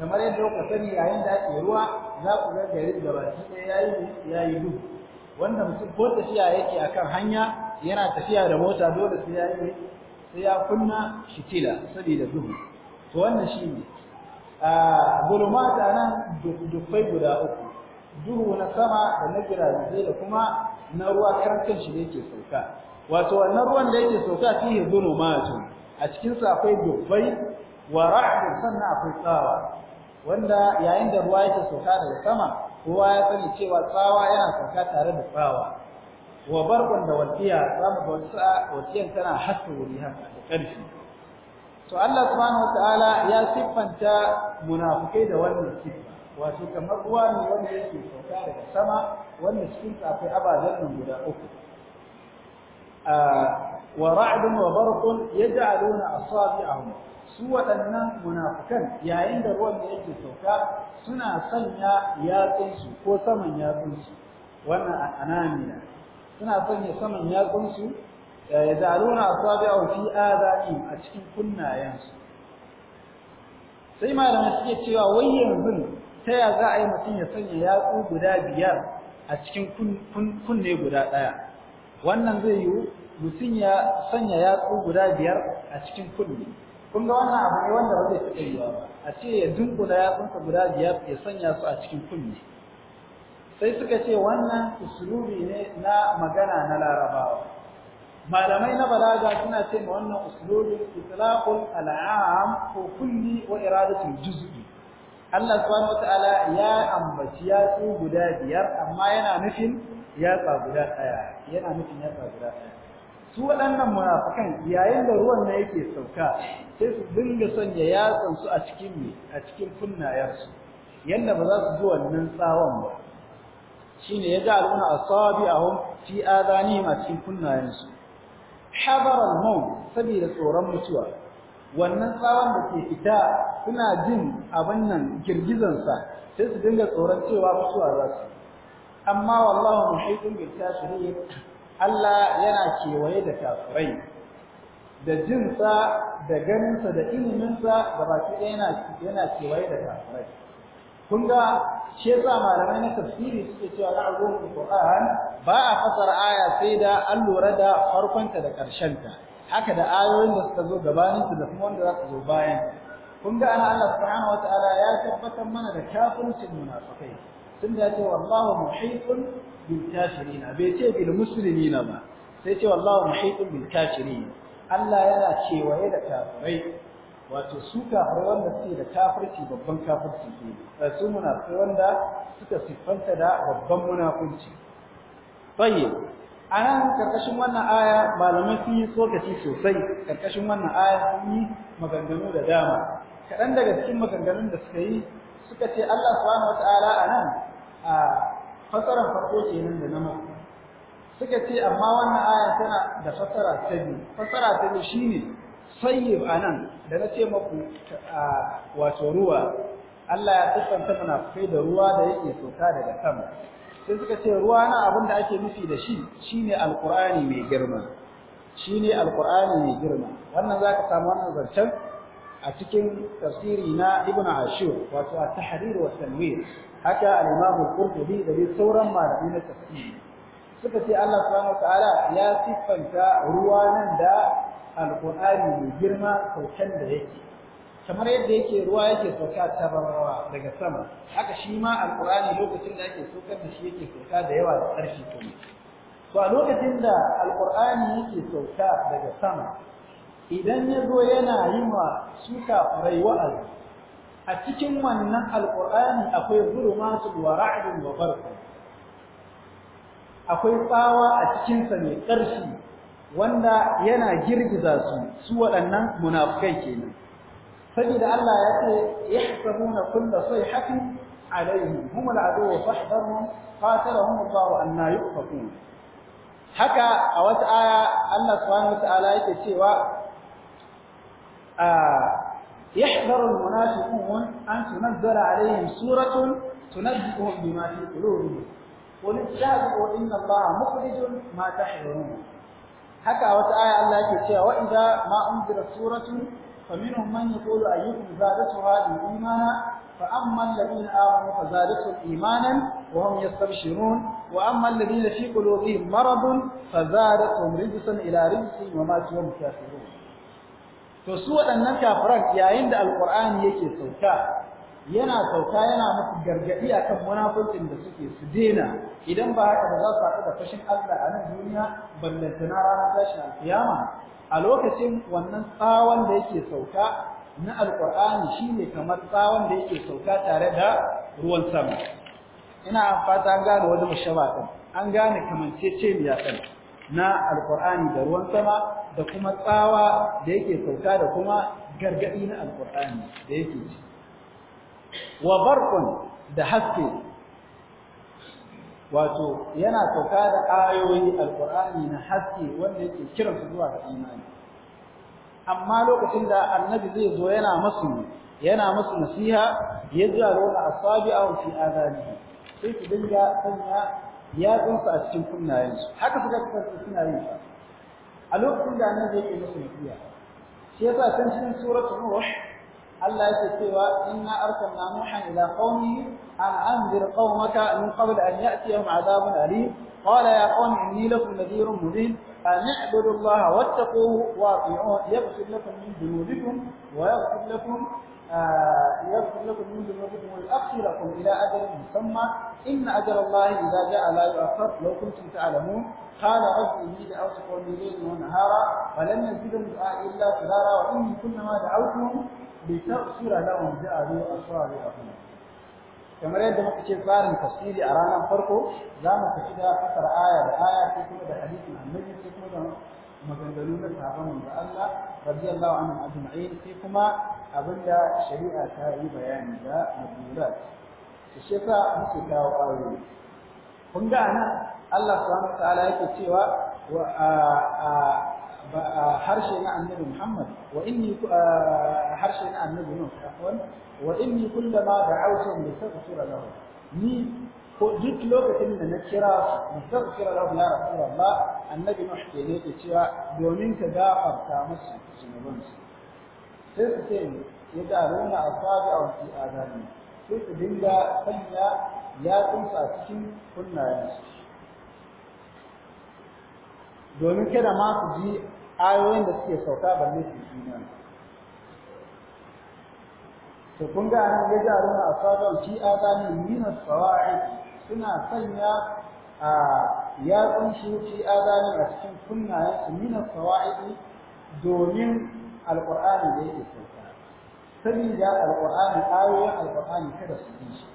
kamar yadda kuka sani yayin da ake ruwa za ku ga garin gabaki ɗaya yayi yayi duhu wanda mutum ko tafiya yake kan hanya yana tafiya da mota dole sai ya yi sai ya kunna shitila saboda duhu to wannan shine a gulmata nan dukkai guda uku duhu na sama da na giraje da kuma na ruwa karkan shi yake sauka wato wannan ruwan da yake sauka fihi zulumatu a cikin sa akwai dukkai wa ra'd sannan akwai tsawa wanda yayin da ruwa yake sauka daga sama kowa ya sani cewa tsawa yana sauka tare da tsawa wa barkun da walqiya zamu ga wata walqiyan tana hatta wuri haka da karfi to Allah subhanahu wataala ya siffanta munafikai da wannan siffa wato kamar ruwa ne wanda yake sauka daga sama wanda cikin sa akwai ababen nan guda uku wa ra'dun wa barqun yaj'aluna asabi'ahum su waɗannan munafukan yayin da ruwan da yake sauka suna sanya yatsunsu ko saman yatsunsu wannan a anamina suna sanya saman yatsunsu eh, ya zaruna asabi'u fi adha'im a cikin kunnayensu sai malamai suke cewa wai yanzu ta ya za a yi mutum ya sanya yatsu guda biyar a cikin kunne guda ɗaya wannan zai yiwu mutum ya sanya yatsu guda biyar a cikin kunne kun ga wannan abu ne wanda ba zai taɓa yiwa ba a ce ya dunkula yatsunsa guda biyar ya sanya su a cikin kunne sai suka ce wannan usulubi ne na magana na larabawa malamai na balaga suna ce ma wannan usulubi itlaqul al'am ko kulli wa iradatul juz'i Allah subhanahu wata'ala ya ambaci yatsu guda biyar amma yana nufin guda ɗaya yana nufin yatsa guda ɗaya su waɗannan munafukan yayin da ruwan na yake sauka sai su dinga ya yatsan su a cikin me a cikin yanda ba za su ji wannan tsawon ba shine ya ga aluna asabi'ahum fi adanihim a cikin kunnayensu habar al-maut saboda tsoron mutuwa wannan tsawon da ke fita suna jin abin nan girgizansa sai su dinga tsoron cewa mutuwa za su amma wallahu muhitun bil kafirin Allah yana kewaye da kafirai da jinsa da ganinsa da iliminsa da baki ɗaya yana yana kewaye da kafirai kun ga shi yasa malamai na tafsiri suke cewa ra'ayul Qur'an ba a fasara aya sai da an lura da farkonta da ta, haka da ayoyin da suka zo gabanin su da kuma wanda za su zo bayan kun ga ana Allah subhanahu wataala ya tabbatar mana da kafircin munafikai tunda ya ce wallahu muhitun bil kafirin bai ce bil muslimina ba sai ce wallahu muhitun bil kafirin Allah yana cewaye da kafirai wato su kafirai wanda suke da kafirci babban kafirci ne su munafikai wanda suka siffanta da babban munafunci tayyib anan karkashin wannan aya malamai sun yi tsokaci sosai karkashin wannan aya sun yi maganganu da dama kaɗan daga cikin maganganun da suka yi suka ce Allah subhanahu wata'ala anan a fasara farko kenan da nama suka ce amma wannan aya tana da fasara ta biyu fasara ta biyu shine sayyib anan da na ce muku wato ruwa Allah ya tsanta kai da ruwa da yake sauka daga sama sai suka ce ruwa na abin da ake nufi da shi shine alqur'ani mai girma shine alqur'ani mai girma wannan zaka samu wannan zancen a cikin tafsiri na Ibn Ashur wato at-tahrir wa tanwir haka al-Imam al-Qurtubi da dai sauran malamai na tafsiri suka ce Allah subhanahu ta'ala ya siffanta ruwa nan da al-Qur'ani mai girma saukan da yake kamar yadda yake ruwa yake sauka ta rawa daga sama haka shi ma al-Qur'ani lokacin da yake saukar da shi yake sauka da yawa da ƙarfi to to a lokacin da al-Qur'ani yake sauka daga sama idan ya zo yana yi ma su kafirai wa'azi a cikin wannan alƙur'ani akwai zulumatun masu ra'dun wa akwai tsawa a cikinsa mai ƙarfi wanda yana girgiza su su waɗannan munafikai kenan saboda Allah ya ce yahsabuna kulla sayhatin alaihi hum al'adu fahdharhum qatalahum Allah anna yufakun haka a wata aya Allah subhanahu wa ta'ala yake cewa يحذر المنافقون أن تنزل عليهم سورة تنبئهم بما في قلوبهم قل اتبعوا إن الله مخرج ما تحذرون haka wata aya Allah ke cewa wa idza ma unzira suratu faminhum man yaqulu ayyukum zadatu hadhihi imana fa amma alladhina amanu fazadatuhum imanan wa hum yastabshirun wa amma alladhina fi qulubihim to su waɗannan kafiran yayin da alqur'ani yake sauka yana sauka yana musu gargadi akan munafurcin da suke su dena idan ba haka ba za su haɗu da fashin Allah a nan duniya ballantana ranar tashin alfiyama? a lokacin wannan tsawon da yake sauka na alqur'ani shine kamar tsawon da yake sauka tare da ruwan sama ina fata an gane wani mushaba an gane kamanceceniya ɗin na alqur'ani da ruwan sama da kuma tsawa da yake sauka da kuma gargaɗi na alqur'ani da yake ci wa barqun da haske wato yana sauka da ayoyi alqur'ani na haske wanda yake kiran zuwa ga imani amma lokacin da annabi zai zo yana masu yana masu nasiha Asabi a fi adani sai su dinga sanya ya tsunsa a cikin kunnayensu haka suka kasance suna yin sa a lokacin da annabi yake musu nasiha shi yasa can cikin suratul ruh Allah yake cewa inna arsalna nuhan ila qaumihi أن أنذر قومك من قبل أن يأتيهم عذاب أليم قال يا قوم إني لكم نذير مبين أن اعبدوا الله واتقوه واطيعون يغفر لكم من ذنوبكم ويغفر لكم آه يغفر لكم من ذنوبكم لكم إلى أجل مسمى إن أجل الله إذا جاء لا يؤخر لو كنتم تعلمون قال رب إني دعوت قومي ليلا ونهارا فلم يزدهم دعائي إلا فرارا وإني كلما دعوتهم لتغفر لهم جعلوا أصابعهم kamar yadda muka ce tsarin tafsiri a ranar farko za mu tafi da aya da aya sai kuma da hadisin annabi sai kuma da maganganu na sahabban manzo Allah radiyallahu anhum ajma'in sai kuma abinda shari'a ta yi bayani da madulat to shi yasa muke kawo aure kun ga Allah subhanahu wa ta'ala yake cewa wa harshe na annabi Muhammad wa inni harshe na annabi Nuh afwan wa inni kullama da'awtu li taghfira lahu ni ko duk lokacin da na kira li taghfira lahu ya rasulullah annabi Nuh ke ne ke cewa domin ka gafarta musu zunuban su sai su ce ya daruna asabi'u fi adami sai su dinga sanya ya tsunsa a cikin kunnayensu domin kada ma su ji ayoyin da suke sauka balle su imani to kun ga an ga jarun asabar shi azani min as-sawa'i suna sanya a ya kunshi shi azani a cikin kunnayen su min sawai domin alqur'ani da yake sauka sabida alqur'ani ayoyin alqur'ani kada su bi shi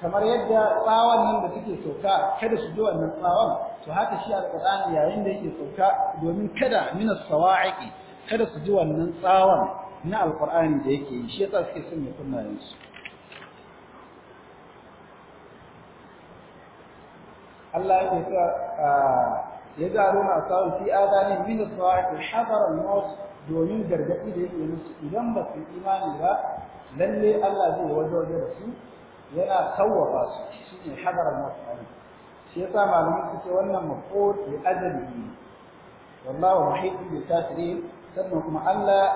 kamar yadda tsawon nan da suke sauka kada su ji wannan tsawon to haka shi alqur'ani yayin da yake sauka domin kada min as-sawa'iqi kada su ji wannan tsawon na alqur'ani da yake yi shi yasa suke son ya kunna yansu Allah ya ce ah, ya ga na tsawon fi adani, min as-sawa'iqi hadara al-maut domin gargadi da yake musu idan ba su imani ba lalle Allah zai wajen da su yana sawwafa su shine hadaral mutane shi ya sa yasa malamin suke wannan mafud bi ajalihi wallahu muhitun bi kafirin sannan kuma Allah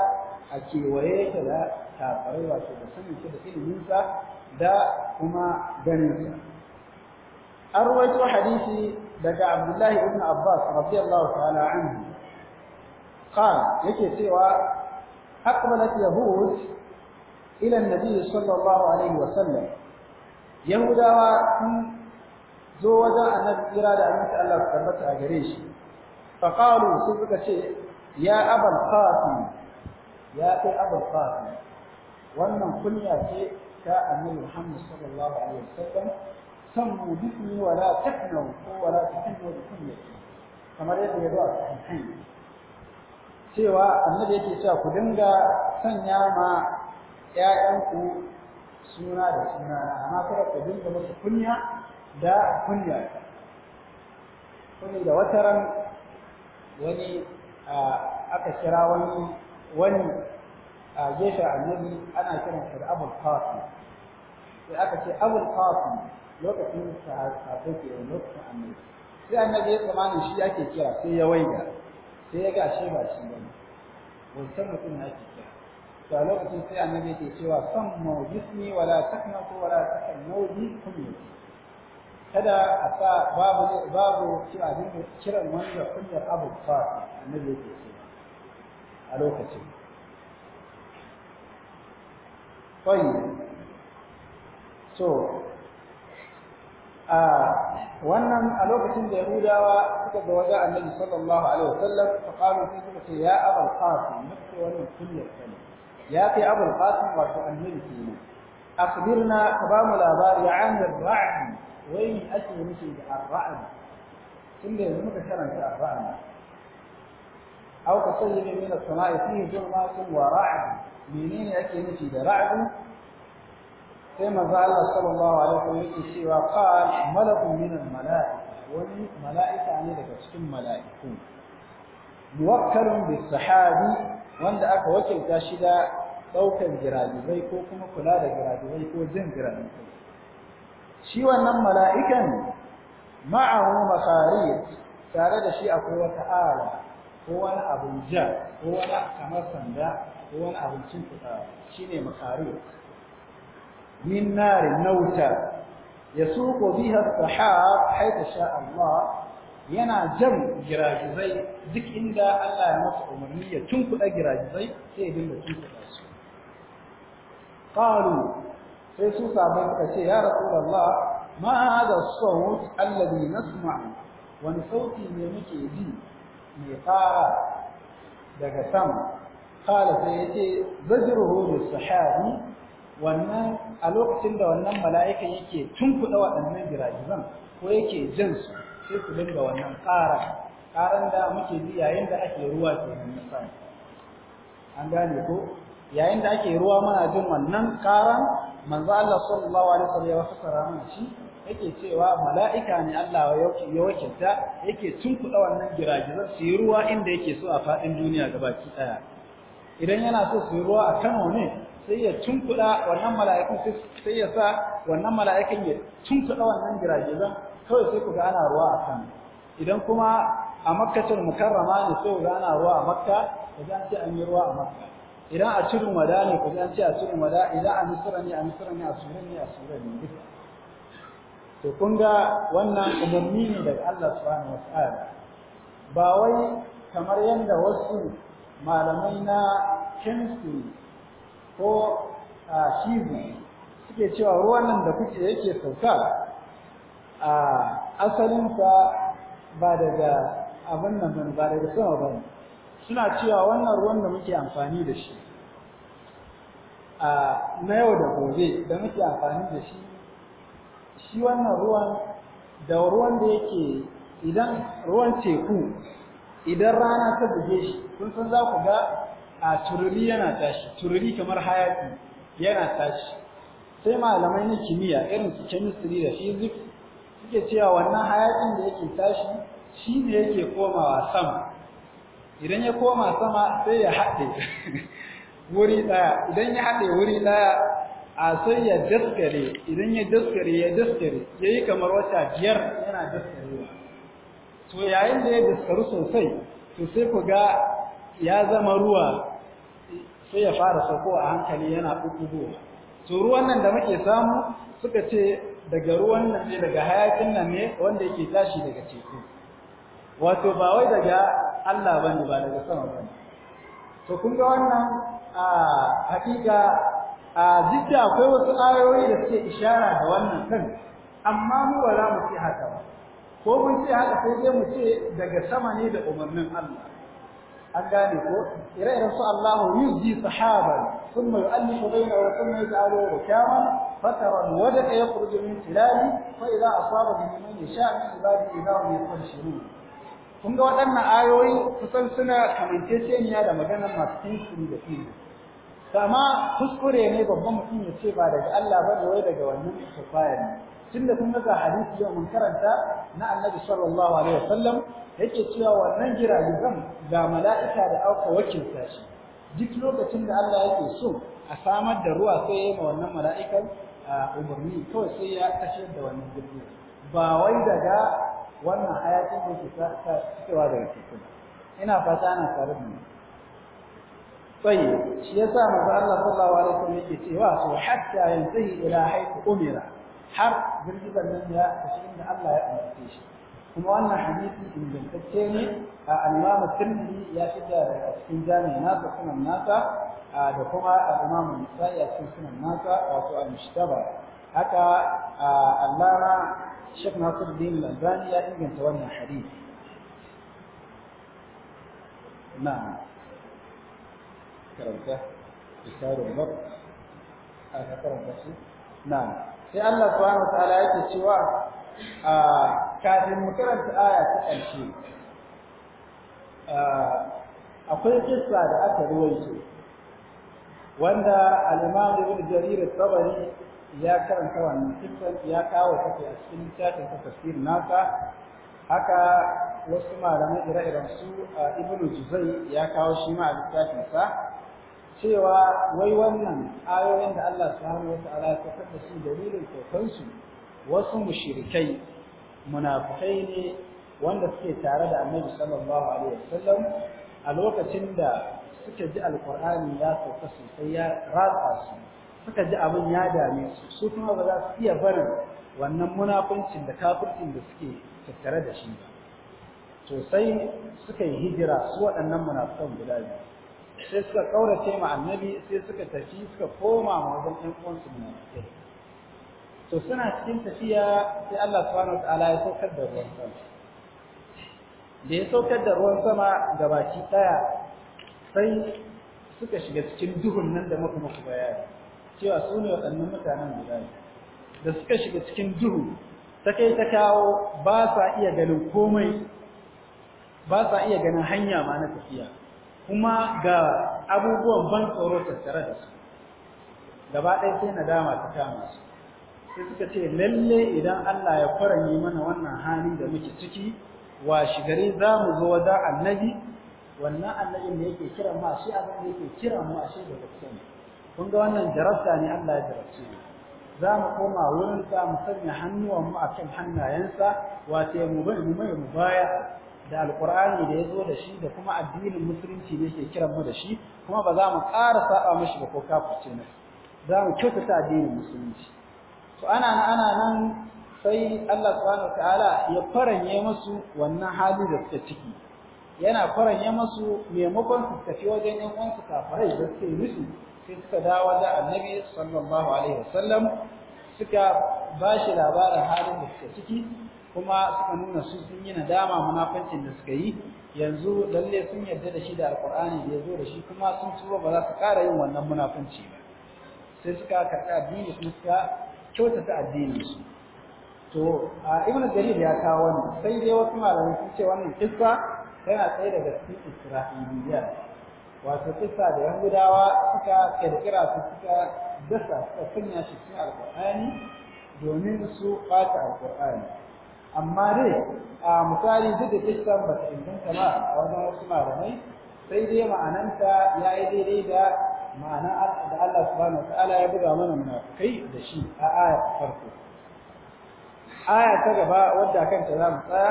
a kewaye ta da kafirai wato da sanin shi da ilimin sa da kuma ganin sa an rawaito hadisi daga Abdullahi ibn Abbas radiyallahu ta'ala anhu qala yake cewa aqbalat yahud ila an-nabi sallallahu alaihi wa sallam yahudawa sun zo wajen annabi kira da annabi Allah su tabbata a gare shi fa qalu su suka ce ya abul qasim ya kai abul qasim wannan kunya ce ta annabi Muhammad sallallahu alaihi wasallam sammu ne wa la taknu wa la taknu bi kamar yadda ya zo a sahihi cewa annabi yake cewa ku dinga sanya ma ƴaƴanku suna da suna amma kada ka dinga musu kunya da kunya da wataran wani aka kira wani wani a gefen annabi ana kiransa da abul qasim sai aka ce abul qasim lokacin sahabbai ke lokacin annabi sai annabi ya tsammanin shi ake kira sai ya waiga sai ya ga shi ba shi bane wancan mutum ne ake kira to a lokacin sai annabi ke cewa son mu jismi wala taknatu wala takannu bi kulli kada a sa babu babu cewa dinga kiran wanda kunyar abu fa annabi ke cewa a lokacin طيب so a wannan a lokacin da yahudawa suka ga wajen annabi sallallahu alaihi wasallam fa qalu sai suka ce ya abul qasim mutai wannan kullum kana ya kai abul qasim wato annabi kenan akhbirna ka ba mu labari an ar-ra'd wai ni ake nufi da ar-ra'd tunda yanzu muka karanta ar-ra'd aw ka sayyid min as-sama'i fihi zulmatun wa ra'd menene ake nufi da ra'd sai manzo Allah sallallahu alaihi wasallam yake cewa qal malakun min al-mala'ika wani mala'ika ne daga cikin mala'iku muwakkalun bis-sahabi wanda aka wakilta shi da ɗaukar girajibai ko kuma kula da girajibai ko jin girajibai shi wannan mala'ikan ma'ahu makharij tare da shi akwai wata ala ko wani abin ja ko wani kamar sanda ko wani abincin fita shine makari. min nari nauta yasuqu biha as-sahab haytha sha Allah yana jan giragizai duk inda Allah ya masa umarni ya tunkuɗa giragizai sai ya dinga tunkuɗa su sai su sabai suka ce ya rasulullah ma hada sawt na suma wani sauti ne muke ji mai fara daga sama qala sai yace zajruhu bis-sahabi wannan a lokacin da wannan mala'ikan yake tunkuɗa waɗannan giragizan ko yake jan su sai ku dinga wannan ƙara ƙaran da muke ji yayin da ake ruwa kenan sani, an gane ko yayin da ake ruwa muna jin wannan ƙaran manzo Allah sallallahu alaihi wasallam ya fassara mana shi yake cewa mala'ika ne Allah ya ta yake tunkuɗa wannan giragizan su yi ruwa inda yake so a faɗin duniya gabaki ɗaya idan yana so su yi ruwa a Kano ne sai ya tunkuɗa wannan mala'ikun sai ya sa wannan mala'ikan ya tunkuɗa wannan girajen. kawai sai ku ga ana ruwa a kan idan kuma a makkatul mukarrama ne sai ku ga ana ruwa a makka ku ga ce an yi ruwa a makka idan a cikin wada ne ku ga ce a cikin wada idan a misra ne a misra ne a sura ne a sura ne duka to kun ga wannan umarni ne daga Allah subhanahu wataala ba wai kamar yadda wasu malamai na chemistry ko a shizu suke cewa ruwan nan da kuke yake sauka a asalinsa ba daga abin nan bane ba daga sama bane suna cewa wannan ruwan da muke amfani da shi a na yau da gobe da muke amfani da shi shi wannan ruwan da ruwan da yake idan ruwan teku idan rana ta buge shi kun san za ku ga a tururi yana tashi tururi kamar hayaki yana tashi sai malamai na kimiyya irin su chemistry da physics suke cewa wannan hayakin da yake tashi shi ne yake komawa sama idan ya koma sama sai ya haɗe [laughs] wuri ɗaya idan ya haɗe wuri ɗaya a sai ya daskare idan ya daskare ya daskare ya yi kamar wata biyar yana daskarewa to yayin da ya daskaru sosai to sai ku ga ya zama ruwa sai ya fara sako a hankali yana ɓuɓɓugowa to ruwan nan da muke samu suka ce daga ruwan nan ne daga hayakin nan ne wanda yake tashi daga teku wato ba wai daga Allah bane ba daga sama bane to kun ga wannan a hakika a jidda akwai wasu ayoyi da suke ishara da wannan kan amma mu wala mu ce haka ba ko mun ce haka sai mu ce daga sama ne da umarnin Allah an gane ko ire-iren su Allahu yuzji sahaban thumma mai bainahu wa thumma yaj'aluhu rukaman fatara alwadqa yakhruju min khilali fa idha asaba bihi man yasha min ibadihi idha hum yastabshirun kun ga waɗannan ayoyi kusan suna kamanceceniya da maganar masu tinkiri da tinkiri kama kuskure ne babban mutum ya ce ba daga Allah ba ne wai daga wannan kafaya ne tunda kun ga hadisi yau mun karanta na Annabi sallallahu alaihi wasallam yake cewa wannan giragizan ga mala'ika da auka wakilta shi duk lokacin da Allah yake so a samar da ruwa sai ya ma wannan mala'ikan umarni kawai sai ya kashe da wannan jirgi ba wai daga wannan hayakin da ke fitowa daga teku ina fata ana tare da ni طيب شيء يسا مزال الله صلى الله عليه وسلم يكي سواه حتى ينتهي إلى حيث أمره har girgizar nan ya tafi inda Allah ya umarce shi kuma wannan hadisi ingantacce ne a Imam Tirmidhi ya shiga da cikin jami'i nasa sunan nasa da kuma Imam Nasa'i a cikin sunan nasa wato al-Mushtaba haka Allama Sheikh Nasiruddin Al-Albani ya inganta wannan hadisi نعم كرمته إشار البر هذا كرمته نعم sai Allah subhanahu wataala yake cewa a ah, kafin mu karanta aya ta ƙarshe ah, akwai kissa da aka ruwaito wanda al-Imam Ibn Jarir al-Tabari ya karanta wannan kissan ya kawo ta a cikin littafin tafsir nasa haka wasu malamai ire-iren su ah, Ibn Juzai ya kawo shi ma a littafin sa cewa wai wannan ayoyin da Allah subhanahu wata'ala ya fitar da su dalilin kokon wasu mushrikai munafikai ne wanda suke tare da Annabi sallallahu alaihi wasallam a lokacin da suka ji alqur'ani ya sauka sosai ya ratsa su suka ji abin ya dame su su kuma ba za su iya barin wannan munafuncin da kafircin da suke tattare da shi ba to sai suka yi hijira su waɗannan munafikan guda biyu sai suka kaurace ma annabi sai suka tafi suka koma wajen ɗan uwansu munafikai to suna cikin tafiya sai Allah subhanahu wataala ya saukar da ruwan sama da ya saukar da ruwan sama baki ɗaya sai suka shiga cikin duhun nan da muka muku bayani cewa su ne waɗannan mutanen guda da suka shiga cikin duhu ta kai ta kawo ba sa iya ganin komai ba sa iya ganin hanya ma na tafiya kuma ga abubuwan ban tsoro tattare da su gaba ɗaya sai nadama ta kama su sai suka ce lalle idan Allah ya faranye mana wannan hali da muke ciki wa shi gari za mu zo wajen annabi wannan annabin da yake kira ma shi abin da yake kira mu shi da gaske ne kun ga wannan jarabta ne Allah ya jarabce mu za mu koma wurin sa mu sanya hannuwan mu kan hannayensa wato mu bai mu mai mu baya da alqur'ani da yazo da shi da kuma addinin musulunci ne yake kiran mu da shi kuma ba za mu ƙara saba mishi ba ko kafirce ne za mu kyautata addinin musulunci to ana nan ana nan sai Allah subhanahu wataala ya faranye musu wannan hali da suke ciki yana faranye musu maimakon su tafi wajen yan uwansu kafirai da suke musu sai suka dawo da annabi sallallahu alaihi wasallam suka bashi labarin halin da suke ciki kuma suka nuna su sun yi nadama munafancin da suka yi yanzu lalle sun yarda da shi da alqur'ani da yazo da shi kuma sun tuba ba za su ƙara yin wannan munafanci ba sai suka karɓi addini kuma suka kyautata addinin su to a ibnu jarir ya kawo wannan sai dai wasu malamai sun ce wannan kissa tana tsaye daga cikin isra'iliya wato kissa da yahudawa suka kirkira su suka dasa suka sanya shi cikin alqur'ani domin su ɓata alqur'ani amma dai a misali duk da bata ba ta inganta ba a wajen wasu malamai sai dai ma'ananta ya yi daidai da ma'ana da Allah subhanahu wa ta'ala ya buga mana kai da shi a aya farko aya ta gaba wadda kanta za mu tsaya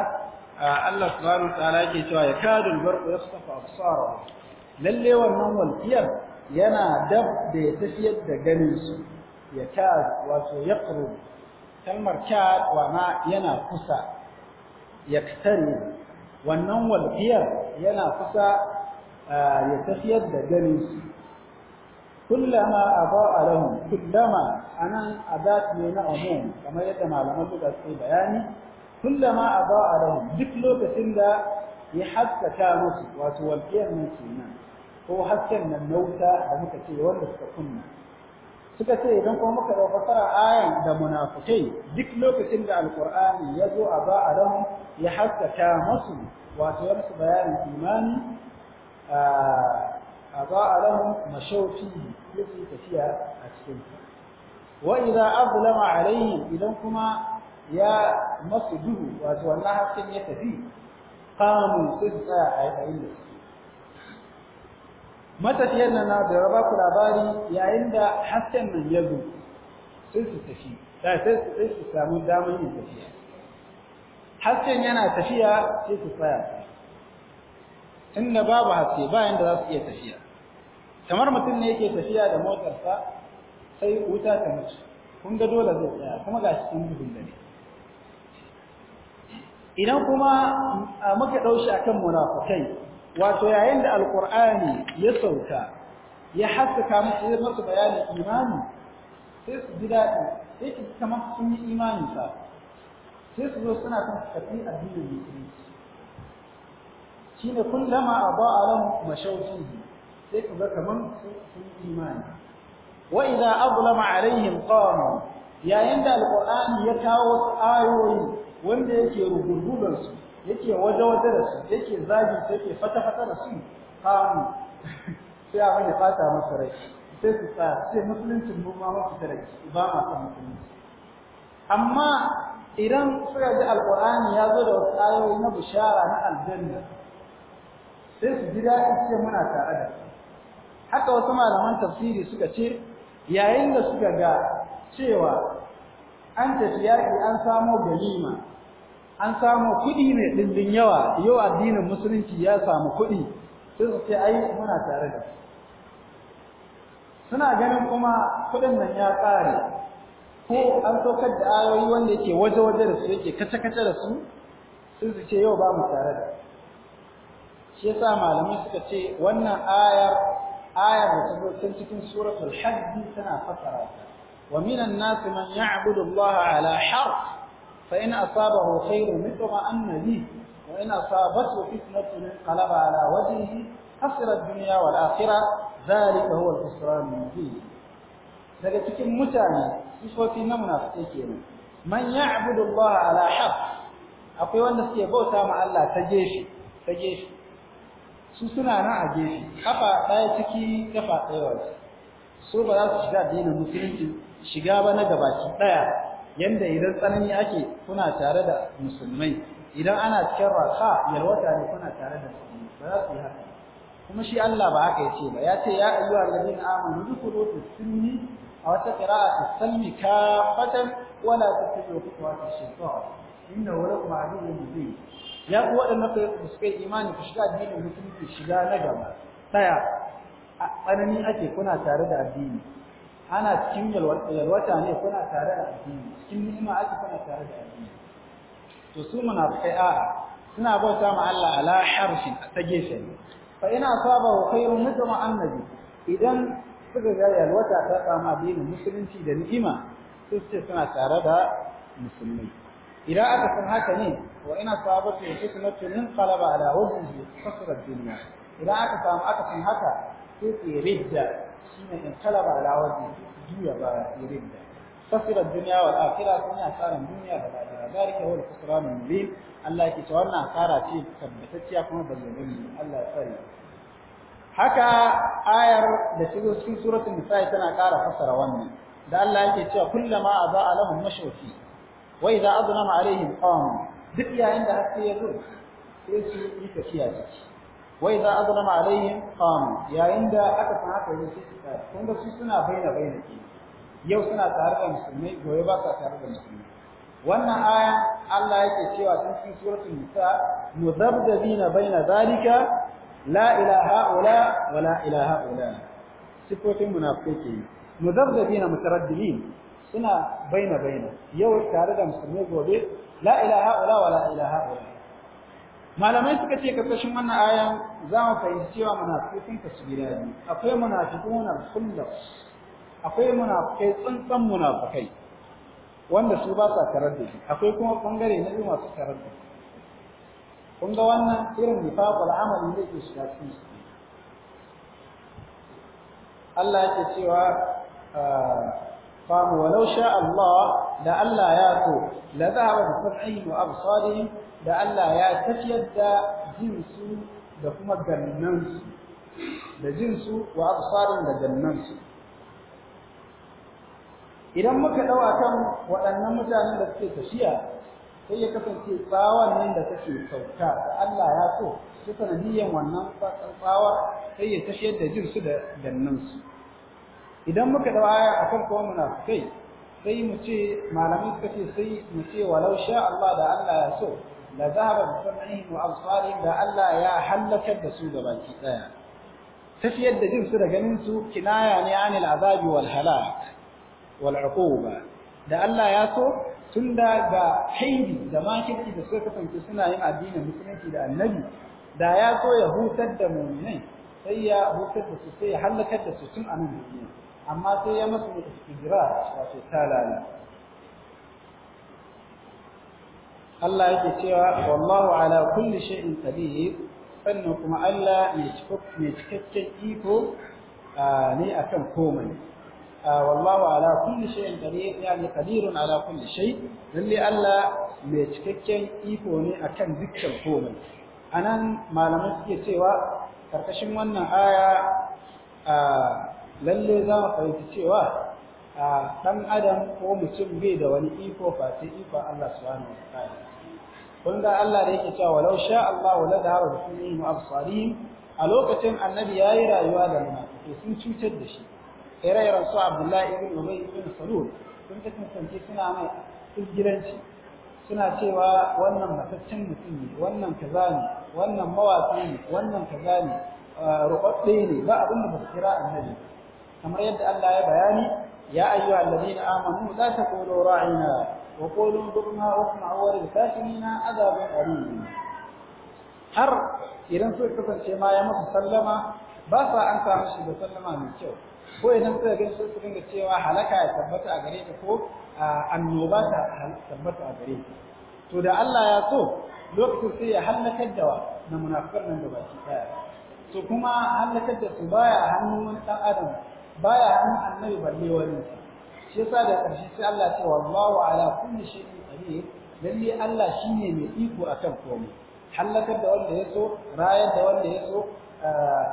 Allah subhanahu wa ta'ala yake cewa ya kadul barqu yastafa absarahu lalle wannan walqiyar yana dab da ya tafiyar da ganin su ya ta wato yaqrub kalmar kyat wa yana kusa yaktari wannan walqiyar yana kusa ya tafiyar da ganin su kullama adaa lahum kullama anan adat ne na umum kamar yadda malaman suka ce bayani kullama adaa lahum duk lokacin da ya haskaka musu wato walqiyar nan kenan ko hasken nan nauta da muka ce wanda suka kunna suka ce idan kuma muka ɗauka fara ayan da munafukai duk lokacin da alkur'ani ya zo a ba a lahum ya haskaka masu wato ya musu bayanin imani a ba a lahum mashaufi ya tafiya a cikin wa idza azlama alaihim idan kuma ya masu duhu wato wannan hasken ya tafi qamu sai su tsaya a da suke matafiyar nan na da raba ku labari yayin da hasken nan ya zo sai su tafi sai sai su samu damar yin tafiya hasken yana tafiya sai su tsaya inda babu haske ba yanda za su iya tafiya kamar mutum ne yake tafiya da motarsa sai wuta ta mace kun ga dole zai tsaya kuma ga shi cikin da dare idan kuma muka ɗaushi akan munafukai wato yayin da alqur'ani ya sauka ya haskaka musu ya musu bayanin imani sai su ji daɗi sai su kamar sun yi imanin sa sai su zo suna kan tafi addinin musulunci shine kullama a ran mashawfihi sai su ga kaman sun yi imani wa idza azlama alaihim qamu yayin da alqur'ani ya kawo wasu ayoyi wanda yake rububban su yake waje waje da su yake zagi sai ke fata fata da su haram sai a wani fata masa rai sai su tsaya sai musuluncin mu masu mu ba masu musulunci amma idan suka ji alqur'ani ya zo da wasu ayoyi na bishara na aljanna sai su ji daɗi ce muna tare da su haka wasu malaman tafsiri suka ce yayin da suka ga cewa an tafi yaƙi an samo galima an samu kuɗi ne ɗindin yawa yau addinin musulunci ya samu kuɗi sai su ce ai muna tare da suna ganin kuma kuɗin nan ya ƙare ko an saukar da ayoyi wanda yake waje-waje da su yake kace-kace da su sai su ce yau ba mu tare da shi yasa malamai suka ce wannan ayar ayar da ta zo cikin suratul hajj tana fasara ومن wa minan يعبد الله على Allah ala fa in asabahu khairun mithla annabi wa in asabathu fitnatun qalaba ala wajhihi hasira ad-dunya wal akhirah zalika huwa al-khusran mubin daga cikin mutane sifofi na munafiki kenan Manya, ya'budu Allah ala haqq akwai wanda suke bauta ma Allah ta geshi ta su suna nan a geshi kafa daya ciki kafa daya waje su ba za su shiga addinin musulunci shiga ba na gabaki daya yanda idan tsanani ake kuna tare da musulmai idan ana cikin raka yalwata ne kuna tare da musulmai ba za su yi haka kuma shi Allah ba haka yace ba yace ya ayyuha alladhina amanu dhkuru fi a wata taqra'u salmi kafatan wa la tattabi'u khutuwati shaytan innahu lakum aduwwun mubin ya ku wadannan da suka yi imani ku shiga addinin musulunci shiga na gaba tsaya tsanani ake kuna tare da addini ana cikin yalwata ne kuna tare da addini cikin ni'ima ake kuna tare da addini to su munafikai a suna bauta ma Allah ala harshin a tage shi fa ina saba wa khairun nidama annabi idan suka ga yalwata ta kama addinin musulunci da ni'ima su ce suna tare da musulmai idan aka san haka ne wa ina sabatu fitnatu min qalaba ala wajhi kasra dunya idan aka samu aka san haka sai ridda shine in talaba da waje juya ba irin da fasirar duniya wa akira sun ya tsara duniya da lahira zalika huwa al-khusran al-mubin Allah yake cewa wannan asara ce tabbatacciya kuma bayyananne Allah ya tsare haka ayar da take cikin suratul nisa tana ƙara fasara wannan da Allah yake cewa kullama adaa lahum mashwati wa idza adnama alaihim qam duk yayin da haske ya zo sai su yi tafiya ciki wai za a zama alaihim qamu yayin da aka san haka yanzu kun ga su suna baina baina ke yau suna tare da musulmai gobe ba sa tare da musulmi. wannan aya Allah yake cewa tun cikin suratul nisa mudabdabina baina zalika la ilaha ula wala ilaha ula sifofin munafiki mudabdabina mutaraddidin suna baina baina yau tare da musulmai gobe la ilaha ula wala ilaha ula malamai suka ce karkashin wannan aya za mu fahimci cewa munafikai sun kasu gida biyu akwai munafiquna khullas akwai munafikai tsantsan munafikai wanda su ba sa karar da shi akwai kuma bangare na biyu masu karar da shi kun ga wannan irin nifaqul amali ne ke shiga cikin su Allah yake cewa ah, fa walau sha Allah da Allah ya so la zahaba bi sam'ihim wa absarihim da Allah ya tafiyar da jinsu da kuma gannan su. da jinsu wa absarin da gannan su. idan muka dawa kan waɗannan mutanen da suke tafiya sai ya kasance tsawon nan da take sauka da Allah ya so su sanadiyan wannan tsawa sai ya tafiyar da jinsu da gannan su. idan muka dawa akan kuma munafikai sai mu ce malamai suka ce sai mu ce walau sha Allah da Allah ya so la zahara bi sam'ihim wa da Allah ya halakar da su gabaki daya tafiyar da jin su da ganin su kinaya ne anil azabi wal halak wal uquba da Allah ya so tunda ga haidi da makirci da suka kasance suna yin addinin musulunci da annabi da ya so ya hutar da mu'minai sai ya hutar da su sai ya halakar da su tun a nan duniya amma sai ya masu istijra wato talala Allah yake cewa wallahu ala kulli shay'in qadir sannan kuma Allah mai cikakken iko ne akan komai wallahu ala kulli shay'in qadir yani qadirun ala kulli shay lalle Allah mai cikakken iko ne akan dukkan komai anan malamai suke cewa karkashin wannan aya lalle za a fahimci cewa a ɗan adam ko mutum bai da wani iko face iko Allah subhanahu wa ta'ala kun ga Allah da yake cewa walau sha Allah wala dahara bi kullihim absarihim a lokacin annabi yayi rayuwa da munafiki sun cutar da shi ire-iren su Abdullahi ibn Ubay ibn Salul sun ta kasance suna mai izgiranci suna cewa wannan mataccen mutum ne wannan kaza ne wannan mawaƙi ne wannan kaza ne ruɓaɓɓe ne ba abin da ba kira annabi kamar yadda Allah ya bayani ya ayyuha alladhina amanu la taqulu ra'ina wa qulu dhurna wasma'u wa lil-kafirina alim har idan suka kasance ma ya musu sallama ba sa an samu da sallama mai kyau ko idan suka ga su dinga cewa halaka ya tabbata a gare ta ko annoba ta tabbata a gare ta to da Allah ya so lokacin sai ya halakar da na munafikan nan da baki daya to kuma halakar da su baya hannun wani dan adam baya kan annabi balle wani shi yasa da ƙarshe sai Allah ya ce wallahu ala kulli shay'in qadir lalle Allah shine mai iko akan komai Hallakar da wanda ya so rayar da wanda ya so eh,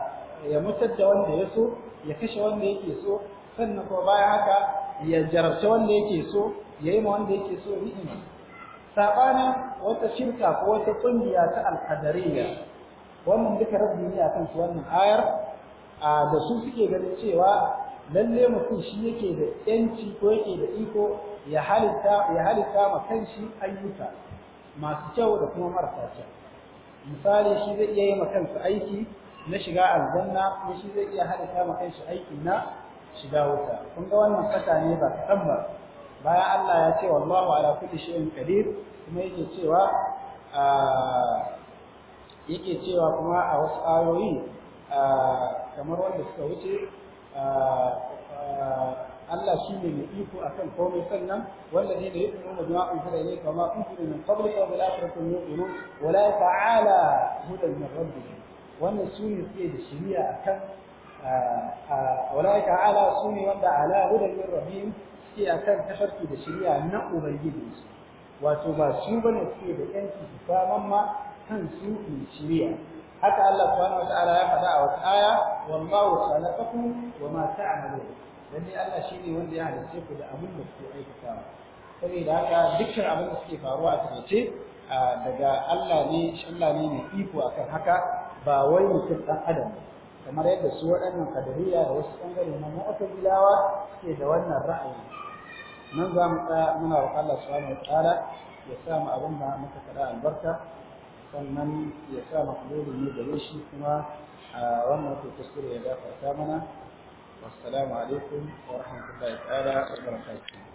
ya mutar da wanda ya so ya kashe wanda yake so sannan kuma baya haka ya jarabta wanda yake so ya yi ma wanda yake so ni'ima sabanin wata shirka ko wata kungiya ta alqadariyya wannan duka rabbi ne akan su wannan ayar a da su suke ganin cewa lalle mutum shi yake da yanci ko yake da iko ya halitta ya halitta ma kanshi ayyuka masu kyau da kuma marasa kyau misali shi zai iya yi ma kansa aiki na shiga aljanna kuma shi zai iya halitta ma kanshi aiki na shiga wuta kun ga wannan kasa ne ba ta ba bayan Allah ya ce wallahu ala kulli shay'in qadir kuma yake cewa a yake cewa kuma a wasu ayoyi kamar wanda suka wuce Allah shi ne mai iko akan komai sannan wanda ne da yake nuna jama'a in kada ne kama in kuma min qabli wa la tarakum yu'minun wa la ta'ala hudan min rabbihim wannan su ne suke da shiriya akan wala ta'ala su ne wanda ala hudan min rabbihim suke akan tafarki da shiriya na ubangiji wato ba su bane suke da yanci su saman ma kan su ne shiriya haka Allah subhanahu wataala ya faɗa a wata aya wallahu khalaqakum wama ta'malun dan ne Allah shine wanda ya halice ku da abin da kuke aikatawa saboda haka dukkan abin da suke faruwa a tace daga Allah ne Allah ne mai iko akan haka ba wai mutum dan adam kamar yadda su waɗannan kadariya da wasu bangare na mu'tazilawa suke da wannan ra'ayi nan za mu tsaya muna roƙon Allah subhanahu wataala ya sa mu abin da muka faɗa albarka sannan ya sa makulolin ne gare shi kuma a wannan wata kuskure ya ta mana wassalamu alaikum wa rahmatullahi ta'ala wa barakatuh